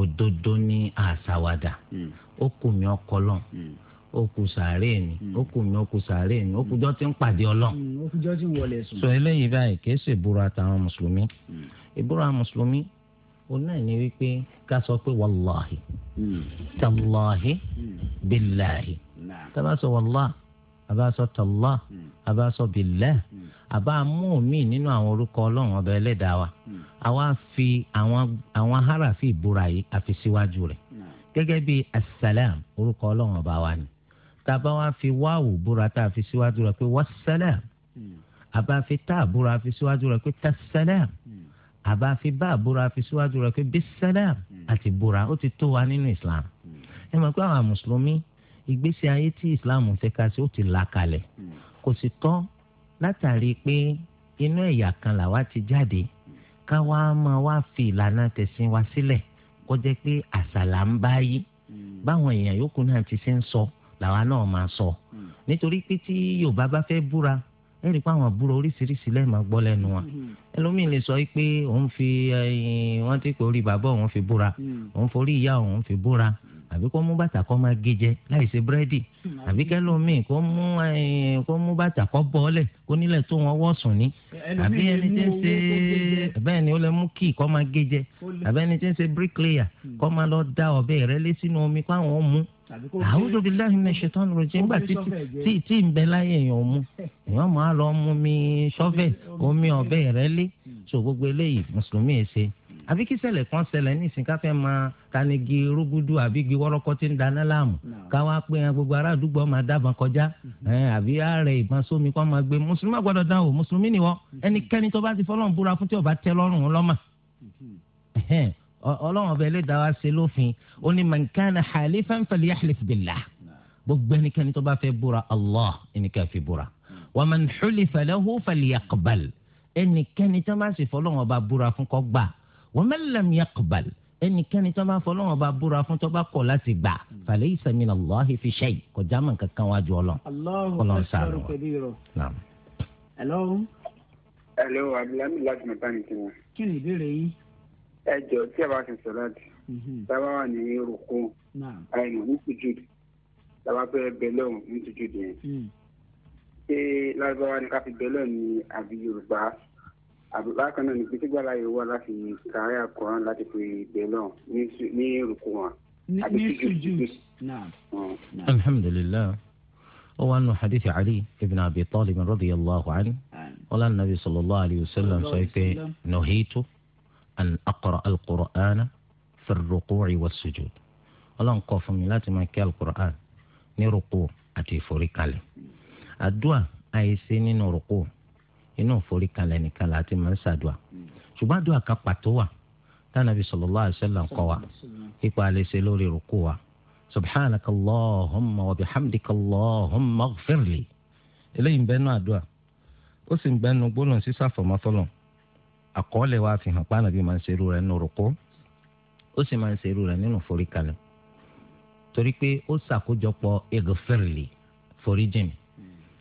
òdodo ní àṣàwàdà hmm. ó kù mí ọkọ lọ́n hmm. ó kù sàárè ni ó kù mí ó kù sàárè ni ó ti ń pàdé ọlọ́n. ó wọlé sùn. sọ eléyìí báyìí ṣe sọ pé abáṣọ tọlá abáṣọ hmm. bìlẹ hmm. àbámú mi nínú àwọn orúkọ Ọlọ́run ọba Ẹlẹ́dàá wa hmm. àwa fi àwọn àwọn harafi ìbúra yìí àfi síwájú rẹ̀ gẹ́gẹ́ bí asalaam orúkọ Ọlọ́run ọba wa ni tàbá wa fi wáwù búra tá a fi síwájú rẹ̀ pé wasalaam àbáfi tá a búra fi síwájú rẹ̀ pé tasalaam àbáfi bá a búra fi síwájú rẹ̀ pé bisalaam àti búra ó ti tó wa nínú Islam ẹ mọ̀ pé àwọn mùsùlùmí ìgbésí ayé tí islam fẹ́ ká sí ó ti là kalẹ̀ hmm. kò sì tọ́ látàrí pé inú ẹ̀yà kan làwa ti jáde hmm. ká wá máa wá fi ìlànà tẹ̀sìn wa sílẹ̀ kó jẹ́ pé àṣàlà ń bá yí hmm. báwọn èèyàn yòókù náà ti ṣe ń sọ làwa náà máa sọ nítorí pé tí yorùbá bá fẹ́ búra ẹ̀rí pé àwọn àbúrò oríṣiríṣi lẹ́ẹ̀ máa gbọ́ lẹ́nu wa ẹlòmíì lè sọ pé òun fi eh, wọ́n ti pè orí bàbá òun fi búra òun forí ìyá òun fi búra àbí kó mú bàtà kó máa gé jẹ láì ṣe búrẹ́dì hmm, àbí kẹlòmíì kó mú kó mú bàtà kó bọ́ọ̀lẹ̀ kó nílẹ̀ tó wọn wọ́ sùn ní àbí ẹni tí ń ṣe bẹ́ẹ̀ ni ó lè mú kíì kó máa gé jẹ àbí ẹni tí ń ṣe bíríkìlẹ̀yà kó máa lọ da ọ̀bẹ ìrẹ́lé sínú omi kó àwọn mú àwùjọ bíi láàrin náà ṣetán ló jẹ nígbà tí tí tí ń bẹ láyé èèyàn mú [LAUGHS] èèyàn máa lọ mú mi ṣọ́fẹ̀ omi ọ̀bẹ ìrẹ́lé hmm. so gbogbo eléyìí mùsùlùmí ẹ̀ ṣe àbí kí ṣẹlẹ̀ kan ṣẹlẹ̀ nísìnyí ká fẹ́ máa tanigi rúgúdù àbí igi wọ́rọ́kọ́ tí ń dáná láàmú káwá pé gbogbo ará àdúgbò máa dábàá kọjá mm-hmm. àbí ààrẹ ìbọn sómi kọ́ máa gbé mùsùlùmí àgbọ̀dọ̀ dán o mùsùlùmí ni wọ́n mm-hmm. ẹnikẹ́ni tó bá ti fọlọ́run búra fún tí ó bá tẹ́ lọ́rùn ọlọ́mà mm-hmm. ọlọ́run ọbẹ̀ lè dá wa ṣe lófin ó ní man kana halifan falyahlif billah gbogbo ẹnikẹ́ni tó bá fẹ́ búra Allah ẹnikẹ́ni fi búra mm. wa man tó bá sì fọlọ́run ọba búra fún kó gbà wa man lam yaqbal ẹnikẹ́ni tó bá fọlọ́wọ́n bá búra fún tó bá kọ̀ láti gbà falaysa min Allahi fi shay kọjá mọ̀ kankan wá ju ọlọ́ ọlọ́run sáré wa. hello. hello abdulhami láti mẹ́ta ní tiwọn. kí ni ìbéèrè yìí. ẹ jọ tí a bá ṣe sọláàtì mhm. tábà wà ní rúkú àìmọ̀ ní sujud tábà fẹ́ bẹ̀lẹ̀ ọ̀hún ní sujud yẹn. Hmm. ṣé lárúbáwá ni ká fi bẹ̀lẹ̀ ní àbúlákan náà ní pé sígbàlá yìí wà láti kàáyà kọ́ran láti fi bẹ̀ lọ ní rúkú wọn. ní sùjú alhamdulilayi ó wà nù hadith ali ibn abi talib radiyallahu anhu wàlá nabi sallallahu alayhi wa sallam sọ pé nuhitu an aqra alqur'ana fi rukuci wa sujud ọlọ́run kọ̀ fún mi láti máa kí alqur'an ní rúkú àti ìforíkalẹ̀ àdúrà àìsí nínú rúkú inú ìforíkalẹ̀ nìkan láti máa ń ṣàdùà ṣùgbọ́n àdúrà kan pàtó wà tánàbí sallallahu alaihi wasallam kọ́ wa ipa lè ṣe lórí rúkú wa subhanaka allahumma wa bihamdika allahumma ighfirli eléyìí ń bẹ́ẹ̀ nú àdúrà ó sì ń bẹ́ẹ̀ nú gbólóhùn sísá fọmọ́fọlọ́ àkọọ́lẹ̀ wa fi hàn pánàbí máa ń ṣerú rẹ̀ nínú rúkú ó sì máa ń ṣerú rẹ̀ nínú ìforíkalẹ̀ torí pé ó ṣàkójọpọ̀ ighfirli foríjìn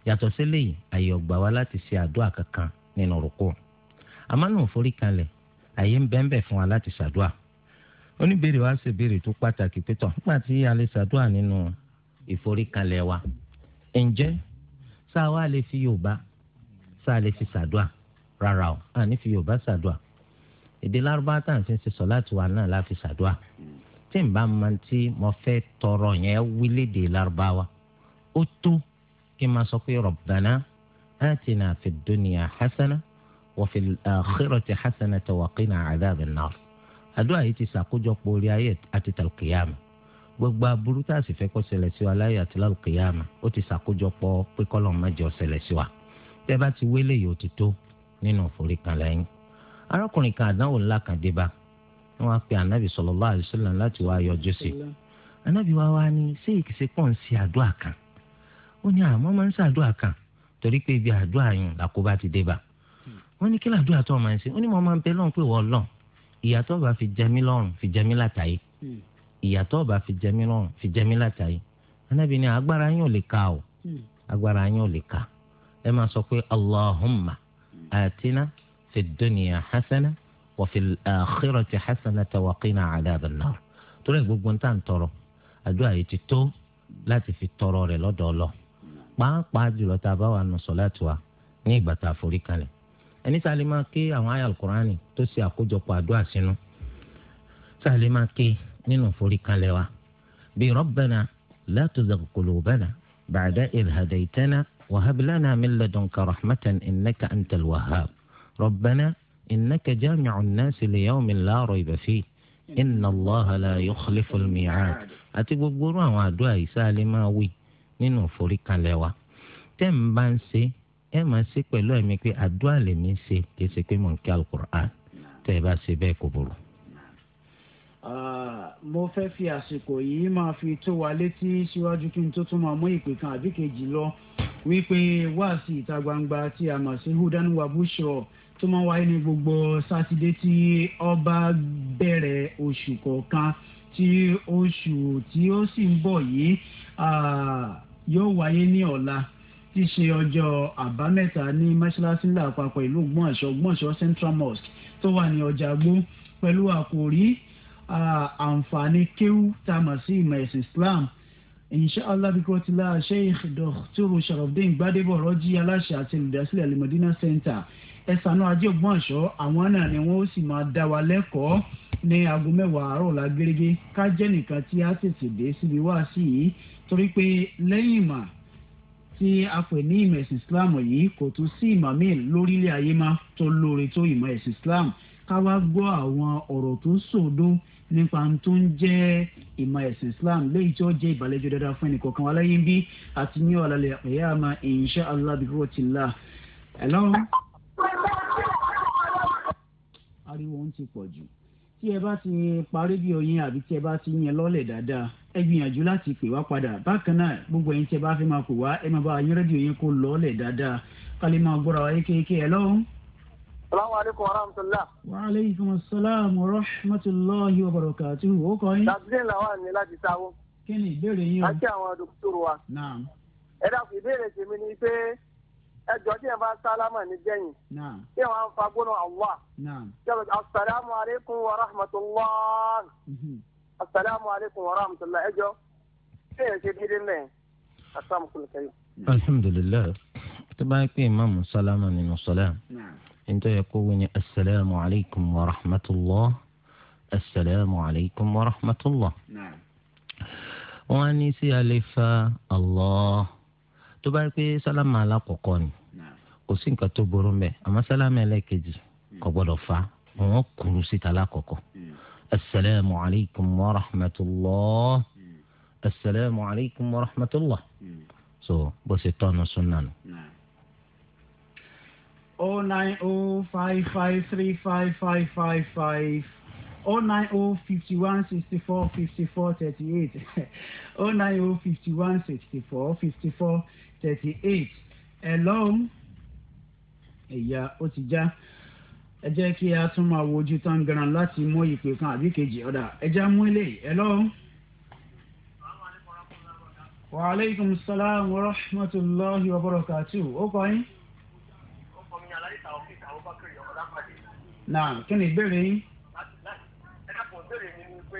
yàtọ̀ sílẹ̀ yìí àyè ọ̀gbà wa láti ṣe àdúrà kankan nínú rúkú àmánù forí kanlẹ̀ àyè ń bẹ́ńbẹ̀ fún wa láti ṣàdúrà oníbèrè wa ṣe béèrè tó pàtàkì pé tán nígbà tí a lè ṣàdúrà nínú ìforíkanlẹ̀ wa ǹjẹ́ sáà wa lè fi Yorùbá sáà lè fi ṣàdúrà rárá o à ní fi Yorùbá ṣàdúrà èdè lárúbá tá à ń fi ṣe sọ̀láàtì wa náà la ṣàdúrà tí n bá máa ti mo fẹ́ tọrọ yẹn wí kí n máa sọ pé rabbana atina fid dunya hasana wa fil akhirati hasana wa qina adhaban nar àdúrà yìí ti ṣàkójọpọ̀ orí ayé àti tàlùkìyàmù gbogbo aburú tá a sì fẹ́ kó ṣẹlẹ̀ sí wa láyé àti lálùkìyàmù ó ti ṣàkójọpọ̀ pé kọ́lọ̀ mẹ́jọ ṣẹlẹ̀ sí wa tẹ́ bá ti wélé yìí ó ti tó nínú ìforíkanlẹ̀ yín arákùnrin kan àdánwò ńlá kan dé bá wọn á pe anabi sallallahu ó ní àmọ́ ah, máa ń ṣàdúrà kan torí pé ibi àdúrà yẹn làkóbá ti dé bá wọ́n ní kí làdúrà tó máa ń ṣe ó ní mo máa ń bẹ lọ́run pé wọ́n lọ́n ìyàtọ̀ bá fi jẹ mí lọ́rùn fi jẹ mí látàyè ìyàtọ̀ bá fi jẹ mí lọ́rùn fi jẹ mí látàyè anábì ní agbára yín ò lè ka o agbára yín ò lè ka ẹ máa sọ pé allahumma atina fi dunya hasana wa fi akhirati hasana tawakina adabannar torí gbogbo ń tọrọ àdúrà yìí ti tó láti fi tọrọ rẹ lọ́dọ̀ pàápàá jùlọ tá a bá wà nù sọ̀láàtì wa ní ìgbà tá a forí kalẹ̀ ẹni tá a lè máa ké àwọn àyà alukurani tó ṣe àkójọpọ̀ àdúrà sínú tá a lè máa ké nínú forí kalẹ̀ wa bíi rabbana la tuzigh qulubana ba'da idh hadaytana wa hab lana min ladunka rahmatan innaka antal wahhab rabbana innaka nínú ìforíkalẹ̀ wa tẹ́ ń bá ń ṣe ẹ máa ṣe pẹ̀lú ẹ̀mí pé àdúrà lèmi ṣe kì í ṣe pé mò ń kí alukur'an tẹ́ ẹ bá ṣe bẹ́ẹ̀ kò burú. mo fẹ́ fi àsìkò yìí máa fi tó wa létí síwájú kí n tó tún máa mú ìpè kan àbí kejì lọ wípé wáàsí ìta gbangba tí a mọ̀ sí hudan wabushọ tó máa wáyé ní gbogbo sátidé tí ọba bẹ̀rẹ̀ oṣù kọ̀ọ̀kan tí oṣù tí ó sì ń bọ̀ yìí yóò wáyé ní ọ̀la tí ṣe ọjọ́ àbámẹ́ta ní mọ́ṣáláṣí ńlá àpapọ̀ ìlú gbọ̀nsọ̀ gbọ̀nsọ̀ central mosque tó wà ní ọjà gbó pẹ̀lú àkòrí àǹfààní kéwú tá a mọ̀ sí ìmọ̀ ẹ̀sìn islam inshallah bí kò sheikh dr sharafdin gbadebo rọjí aláṣẹ àti olùdásílẹ̀ alimọdínà center ẹsànú ajé ògbóǹṣọ àwọn náà ni wọn ó sì máa dá wa lẹ́kọ̀ọ́ ní aago mẹ́wàá àárọ̀ la gẹ́gẹ́ ká jẹ́ nìkan tí a tètè dé síbi wá yìí torí pé lẹ́yìn ìmọ̀ tí a pè ní ìmọ̀ ẹ̀sìn islam yìí kò tún sí ìmọ̀ míì lórílẹ̀ ayé má tó lóore tó ìmọ̀ ẹ̀sìn islam ká wá gbọ́ àwọn ọ̀rọ̀ tó sòdo nípa tó ń jẹ́ ìmọ̀ ẹ̀sìn islam léyìí tí ó jẹ́ ìbàlẹ́jọ́ dáadáa fún ẹnìkọ̀ọ̀kan wa láyé ń bí àti ní ọ̀làlẹ̀ ẹ̀yà àmà insha Allah ti là. hello. ariwo ń ti pọ̀ jù tí ẹ bá ti parí bí oyin àbí tí ẹ bá ti yẹn lọ́lẹ̀ dáadáa ẹ gbìyànjú láti pè wá padà bákan náà gbogbo ẹ̀yin tí ẹ bá fẹ́ máa pè wá ẹ máa bá wa yín rédíò yín kó lọ́ọ̀lẹ̀ dáadáa ká lè máa gbọ́ra wa yékéyéké ẹ lọ́hùn. salaamu aleykum wa rahmatulah. wa aleykum salaam wa rahmatulahi wa barakatuhu o kọ yín. tàbílẹ̀ làwọn àmì láti sáwó. kí ni ìbéèrè yín o. àti àwọn dókítà wa. naam. ẹ dàpọ̀ ìbéèrè tèmi ni pé ẹ jọ tí ẹ bá sálámà ní jẹ́yìn. naam. tí wọn fa gbóná àwa. naam. jẹ́ asalaamualeykum wa rahmatulah ẹjọ ṣé ẹ ṣe déédéé mẹ asalaamualeykum. alhamdulilayi tó bá ń pè imáàmù sálámà nínú sọlá nítorí ẹ kó wíni asalaamualeykum wa rahmatulah asalaamualeykum wa rahmatulah. wọ́n á ní sí àlefa allah tó bá ń pè sálámà alákọ̀ọ́kọ́ ni kò sí nǹkan tó burú mẹ́ àmọ́ sálámà ẹlẹ́ẹ̀kejì kò gbọ́dọ̀ fa wọ́n kúrú síta lákọ̀ọ́kọ́. السلام عليكم ورحمة الله السلام عليكم ورحمة الله سو bó ṣe tọ́nu o oh nine o oh oh fifty one sixty four fifty four thirty eight [LAUGHS] o nine o fifty one sixty four fifty four thirty eight ẹ̀ lọ́hùn-ún ẹ jẹ́ kí a tún máa wojú tán garan láti mọ ìpè kan àbí kejì ọ̀dà ẹ já mú ilé ẹ lọ́wọ́. wa salaam wa rahmatulahi wa barakatu ó kọ́ yín. ó kọ́ mi ní aláìsà ọ́fíìsì àwọn bá kiri ọ̀dà pàdé. náà kí ni ìbéèrè yín. ẹ dàpọ̀ ìbéèrè mi ni pé.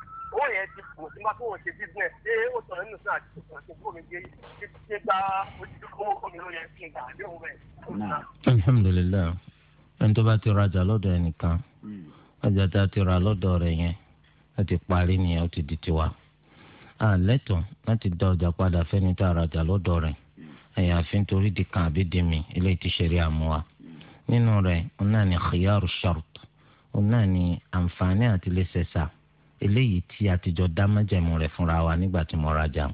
owó yẹn ti pọ̀ sí máa tó wọn ṣe business ṣé ó sọ̀rọ̀ nínú sọ́nà àti sọ̀rọ̀ ṣe fún mi gbé ṣe gba ojú owó kọ́ mi ló yẹ kí n gbà àdéhùn bẹ́ẹ̀. alhamdulilayi ẹni tó bá ti rajà lọ́dọ̀ ẹnìkan hmm. ọjà tá a ti ra lọ́dọ̀ rẹ̀ yẹn ó ti parí nìyẹn ó ti di tiwa a lẹ́tọ̀ọ́ láti dá ọjà padà fẹ́ni tá a rajà lọ́dọ̀ rẹ̀ hmm. àyàfi nítorí di kan àbí di mi eléyìí ti ṣeré àmúwa hmm. nínú rẹ̀ ọ̀nà ni khiyaru shart ọ̀nà ni àǹfààní àti lẹ́sẹ̀sà eléyìí tí a ti jọ dá rẹ̀ fúnra wa nígbà tí mo ra jà ń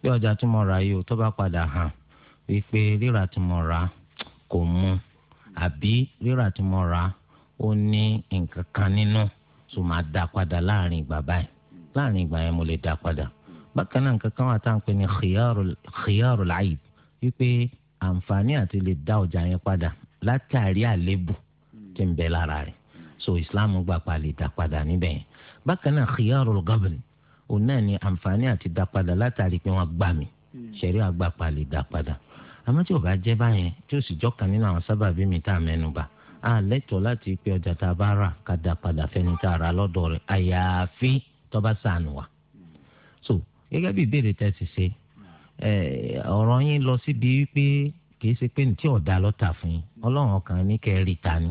bí ọjà tí mo ra yìí o tó bá padà hàn wípé rírà tí mo ra kò mú àbí rírà tí mo ra ó ní nǹkan kan nínú tó máa dá padà láàrin ìgbà báyìí láàrin ìgbà yẹn mo lè dá padà bákan náà nǹkan kan wà tá à ń pè ní khiyarul aib wípé àǹfààní àti lè dá ọjà yẹn padà látàrí àlébù tí ń bẹ lára rẹ̀ so Islam gbà pa lè dá padà níbẹ̀ yẹn bákan náà khiyarul govern òun náà ni àǹfààní àti dápadà látàrí pé wọ́n gbà mí hmm. ṣẹ̀rí àgbà palẹ̀ dápadà àmọ́ tí ò bá jẹ́ báyẹn tí ó sì jọ́kan nínú àwọn sábàbí mi tá a mẹ́nu bà á lẹ́tọ̀ọ́ láti pé ọjà tá a bá rà ká dápadà fẹ́ni tá a rà lọ́dọ̀ rẹ̀ àyàfi tó sànù wa. so gẹ́gẹ́ bí ìbéèrè tẹ́ ti ṣe ọ̀rọ̀ yín lọ síbi wípé kìí ṣe pé tí ọ̀dà lọ́ta fún yín ọlọ́run ọkàn ní kẹ́ ta ni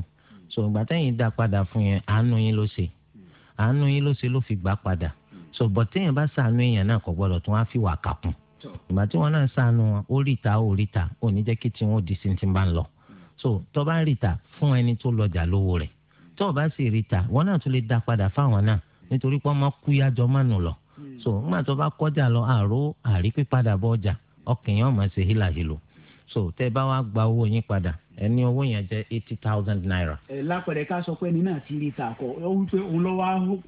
so ìgbà tẹ́yìn dá fún yẹn àánú yín ló ṣe àánú yín ló ṣe ló fi gbà padà hmm. so bọ̀ téèyàn bá ṣàánú èèyàn náà kò gbọ́dọ̀ tún wá fi wà kàkùn ìgbà tí wọn náà ṣàánú wọn ó rí ta ó rí ta ó ní jẹ́ kí tí ó di sí ti bá ń lọ hmm. so tó bá rí ta fún ẹni tó lọjà lówó rẹ̀ tó o bá sì rí ta wọn náà tún lè dá padà fáwọn náà nítorí pé ọmọ kú yájọ mánu lọ hmm. so ńgbà tó bá kọjá lọ àrò àrí pípadà bọ ọjà ọkàn yẹn ọmọ ṣe hílàhílò so tẹ bá wá gba owó yín padà ẹni owó yẹn jẹ eighty thousand naira. ẹ lápẹ̀rẹ̀ ká sọ pé ẹni náà ti rí ta kọ ó ń pé òun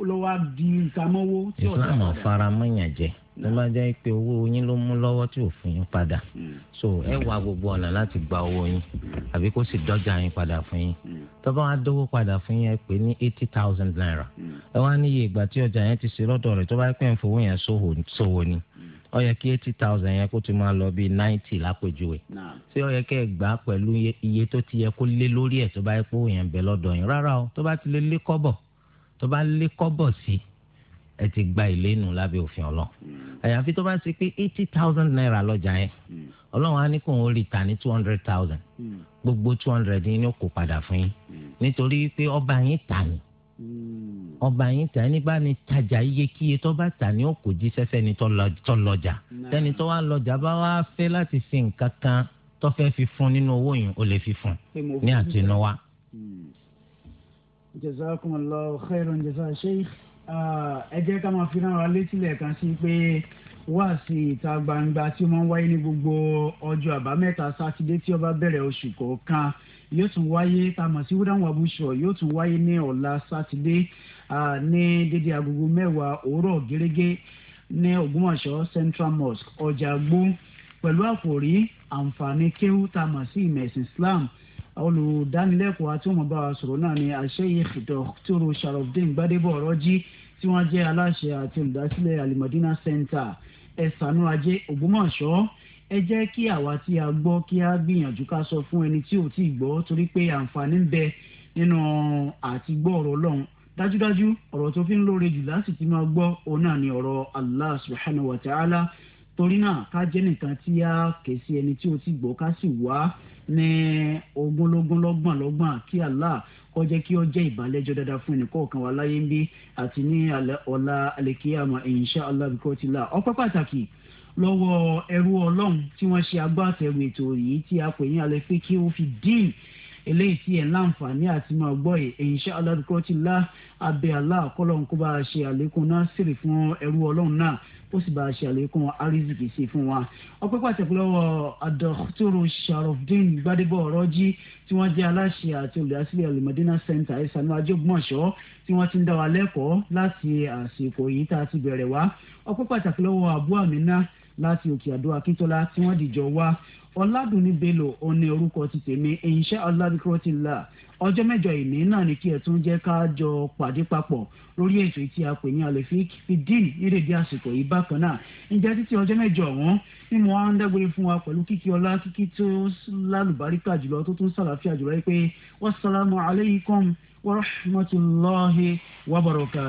ló wá di ìtamọ́wó. islam ọ̀faramọ́yàn jẹ ló bá jẹ́ pé owó yín ló mú lọ́wọ́ tí ò yín padà hmm. so ẹ wá gbogbo ọ̀nà láti gba owó yín àbí kó sì dọ́jà yín padà fún yín hmm. tó bá wá dówó padà fún yín ẹ pè ní eighty thousand naira hmm. ẹ wá níye ìgbà tí ọjà yẹn ti ṣe lọ́dọ̀ rẹ̀ tó bá pẹ́ ń fowó yẹn ṣòwò ni ó kí eighty thousand yẹn kó ti máa lọ bíi ninety lápèjúwe ṣé ó yẹ kẹ́ ẹ gbà pẹ̀lú iye tó ti yẹ kó lé lórí ẹ̀ tó bá yẹ kó yẹn bẹ̀ lọ́dọ̀ yẹn rárá o tó bá ti lé lé kọ́bọ̀ tó bá lé kọ́bọ̀ sí ẹ ti gba ìlénu lábẹ́ òfin ọlọ́ hmm. àyàfi tó bá ṣe pé eighty thousand naira lọ́jà yẹn hmm. ọlọ́run á ní kó òun rí ní two hundred thousand hmm. gbogbo two hundred yín ni ó kó padà fún yín nítorí pé ọba yín tà ní ọba yín tà ní bá ní tajà iyekíye tó bá tà ní òkò jíṣẹ́ sẹ́ni tó lọ́jà sẹ́ni tó wá lọ́jà bá wá fẹ́ láti fi nǹkan kan tó fẹ́ fi fún nínú owó yìí ó lè fi fún ní àtinúwá. Hmm. jazakumullahu khairan jazaa sheikh ẹ jẹ́ ká máa fi rán wa létí lẹ́ẹ̀kan sí pé wáàsí ìta gbangba tí ó wáyé ní gbogbo ọjọ́ àbámẹ́ta sátidé tí ó bẹ̀rẹ̀ oṣù kọ̀ọ̀kan yóò tún wáyé tá a mọ̀ sí wúdà wàbú ṣọ yóò tún wáyé ní ọ̀la sátidé ní dédé agogo mẹ́wàá òwúrọ̀ gẹ́gẹ́ ní Ògbómọ̀ṣọ́ Central Mosque ọjà gbó pẹ̀lú àkòrí àǹfààní kéwú tá a mọ̀ sí ìmẹ̀sìn Islam olùdánilẹ́kọ̀ọ́ àti ọmọọba sọ̀rọ̀ náà ni Sheikh Dr. Sharafdin Gbadebo Ọ̀rọ̀jì tí wọ́n jẹ́ aláṣẹ àti olùdásílẹ̀ Alimadina Center ẹ̀sánú ajé Ògbómọ̀ṣọ́ ẹ jẹ́ kí àwa tí a gbọ́ kí a gbìyànjú ká sọ fún ẹni tí ò tí ì gbọ́ torí pé àǹfààní ń bẹ nínú àti gbọ́ ọ̀rọ̀ ọlọ́run dájúdájú ọ̀rọ̀ tó fi ń lóore jù láti máa gbọ́ òun náà ni ọ̀rọ̀ Allah subhanahu wa ta'ala torí náà ká jẹ́ nìkan tí a kè sí ẹni tí ò tí ì gbọ́ ká sì wá ní ogunlógún lọ́gbọ̀n lọ́gbọ̀n kí Allah kó jẹ́ kí ó jẹ́ ìbálẹ́jọ́ dáadáa fún ẹnì kọ̀ọ̀kan wa láyé ń bí àti ní ọ̀la àlèkíyàmọ̀ insha bíkọ́ ti là ọpẹ́ pàtàkì lọ́wọ́ ẹrú ọlọ́run tí wọ́n ṣe agbátẹrù ètò yìí tí a pè ní alẹ́fẹ́ kí ó fi dín eléyìí tí ẹ̀ láǹfààní àti máa gbọ́ ẹ̀ insha Allah ti lá abẹ́ àlá àkọ́lọ́hún kó bá a ṣe àlékún náà sírì fún ẹrú ọlọ́run náà ó sì bá a ṣe àlékún àrísìkì sí fún wa. ọpẹ́ pàtàkì lọ́wọ́ adọ́tòrò sharofdin gbadebo ọ̀rọ́jì tí wọ́n jẹ́ aláṣẹ àti olùdásílẹ̀ alimọ̀dínà center ẹ̀sánú ajógbọ̀nsọ́ tí wọ́n ti ń dá wa lẹ́kọ̀ọ́ láti àsìkò yìí tá a ti bẹ̀rẹ̀ wá. ọpẹ́ pàtàkì lọ́wọ́ àbú àmínà láti òkè àdó akíntola tí wọ́n dìjọ wá ọ̀làdùnní bello òní orúkọ ti tèmi ìyìnṣẹ́ ọ̀làdìkúrọ́tìlá ọjọ́ mẹ́jọ ìní náà ni kí ẹ tún jẹ́ ká jọ pàdé papọ̀ lórí ètò tí a pè ní alefik fidin nídèédé àsìkò yìí bákan náà ǹjẹ́ títí ọjọ́ mẹ́jọ ọ̀hún ni mo á ń dágbére fún wa pẹ̀lú kíkí ọlá kíkí tó lálùbáríkà jùlọ tó tún sàlàfíà jùlọ yìí pé wassalamu alaikum warahmatullahi wabarakatuh.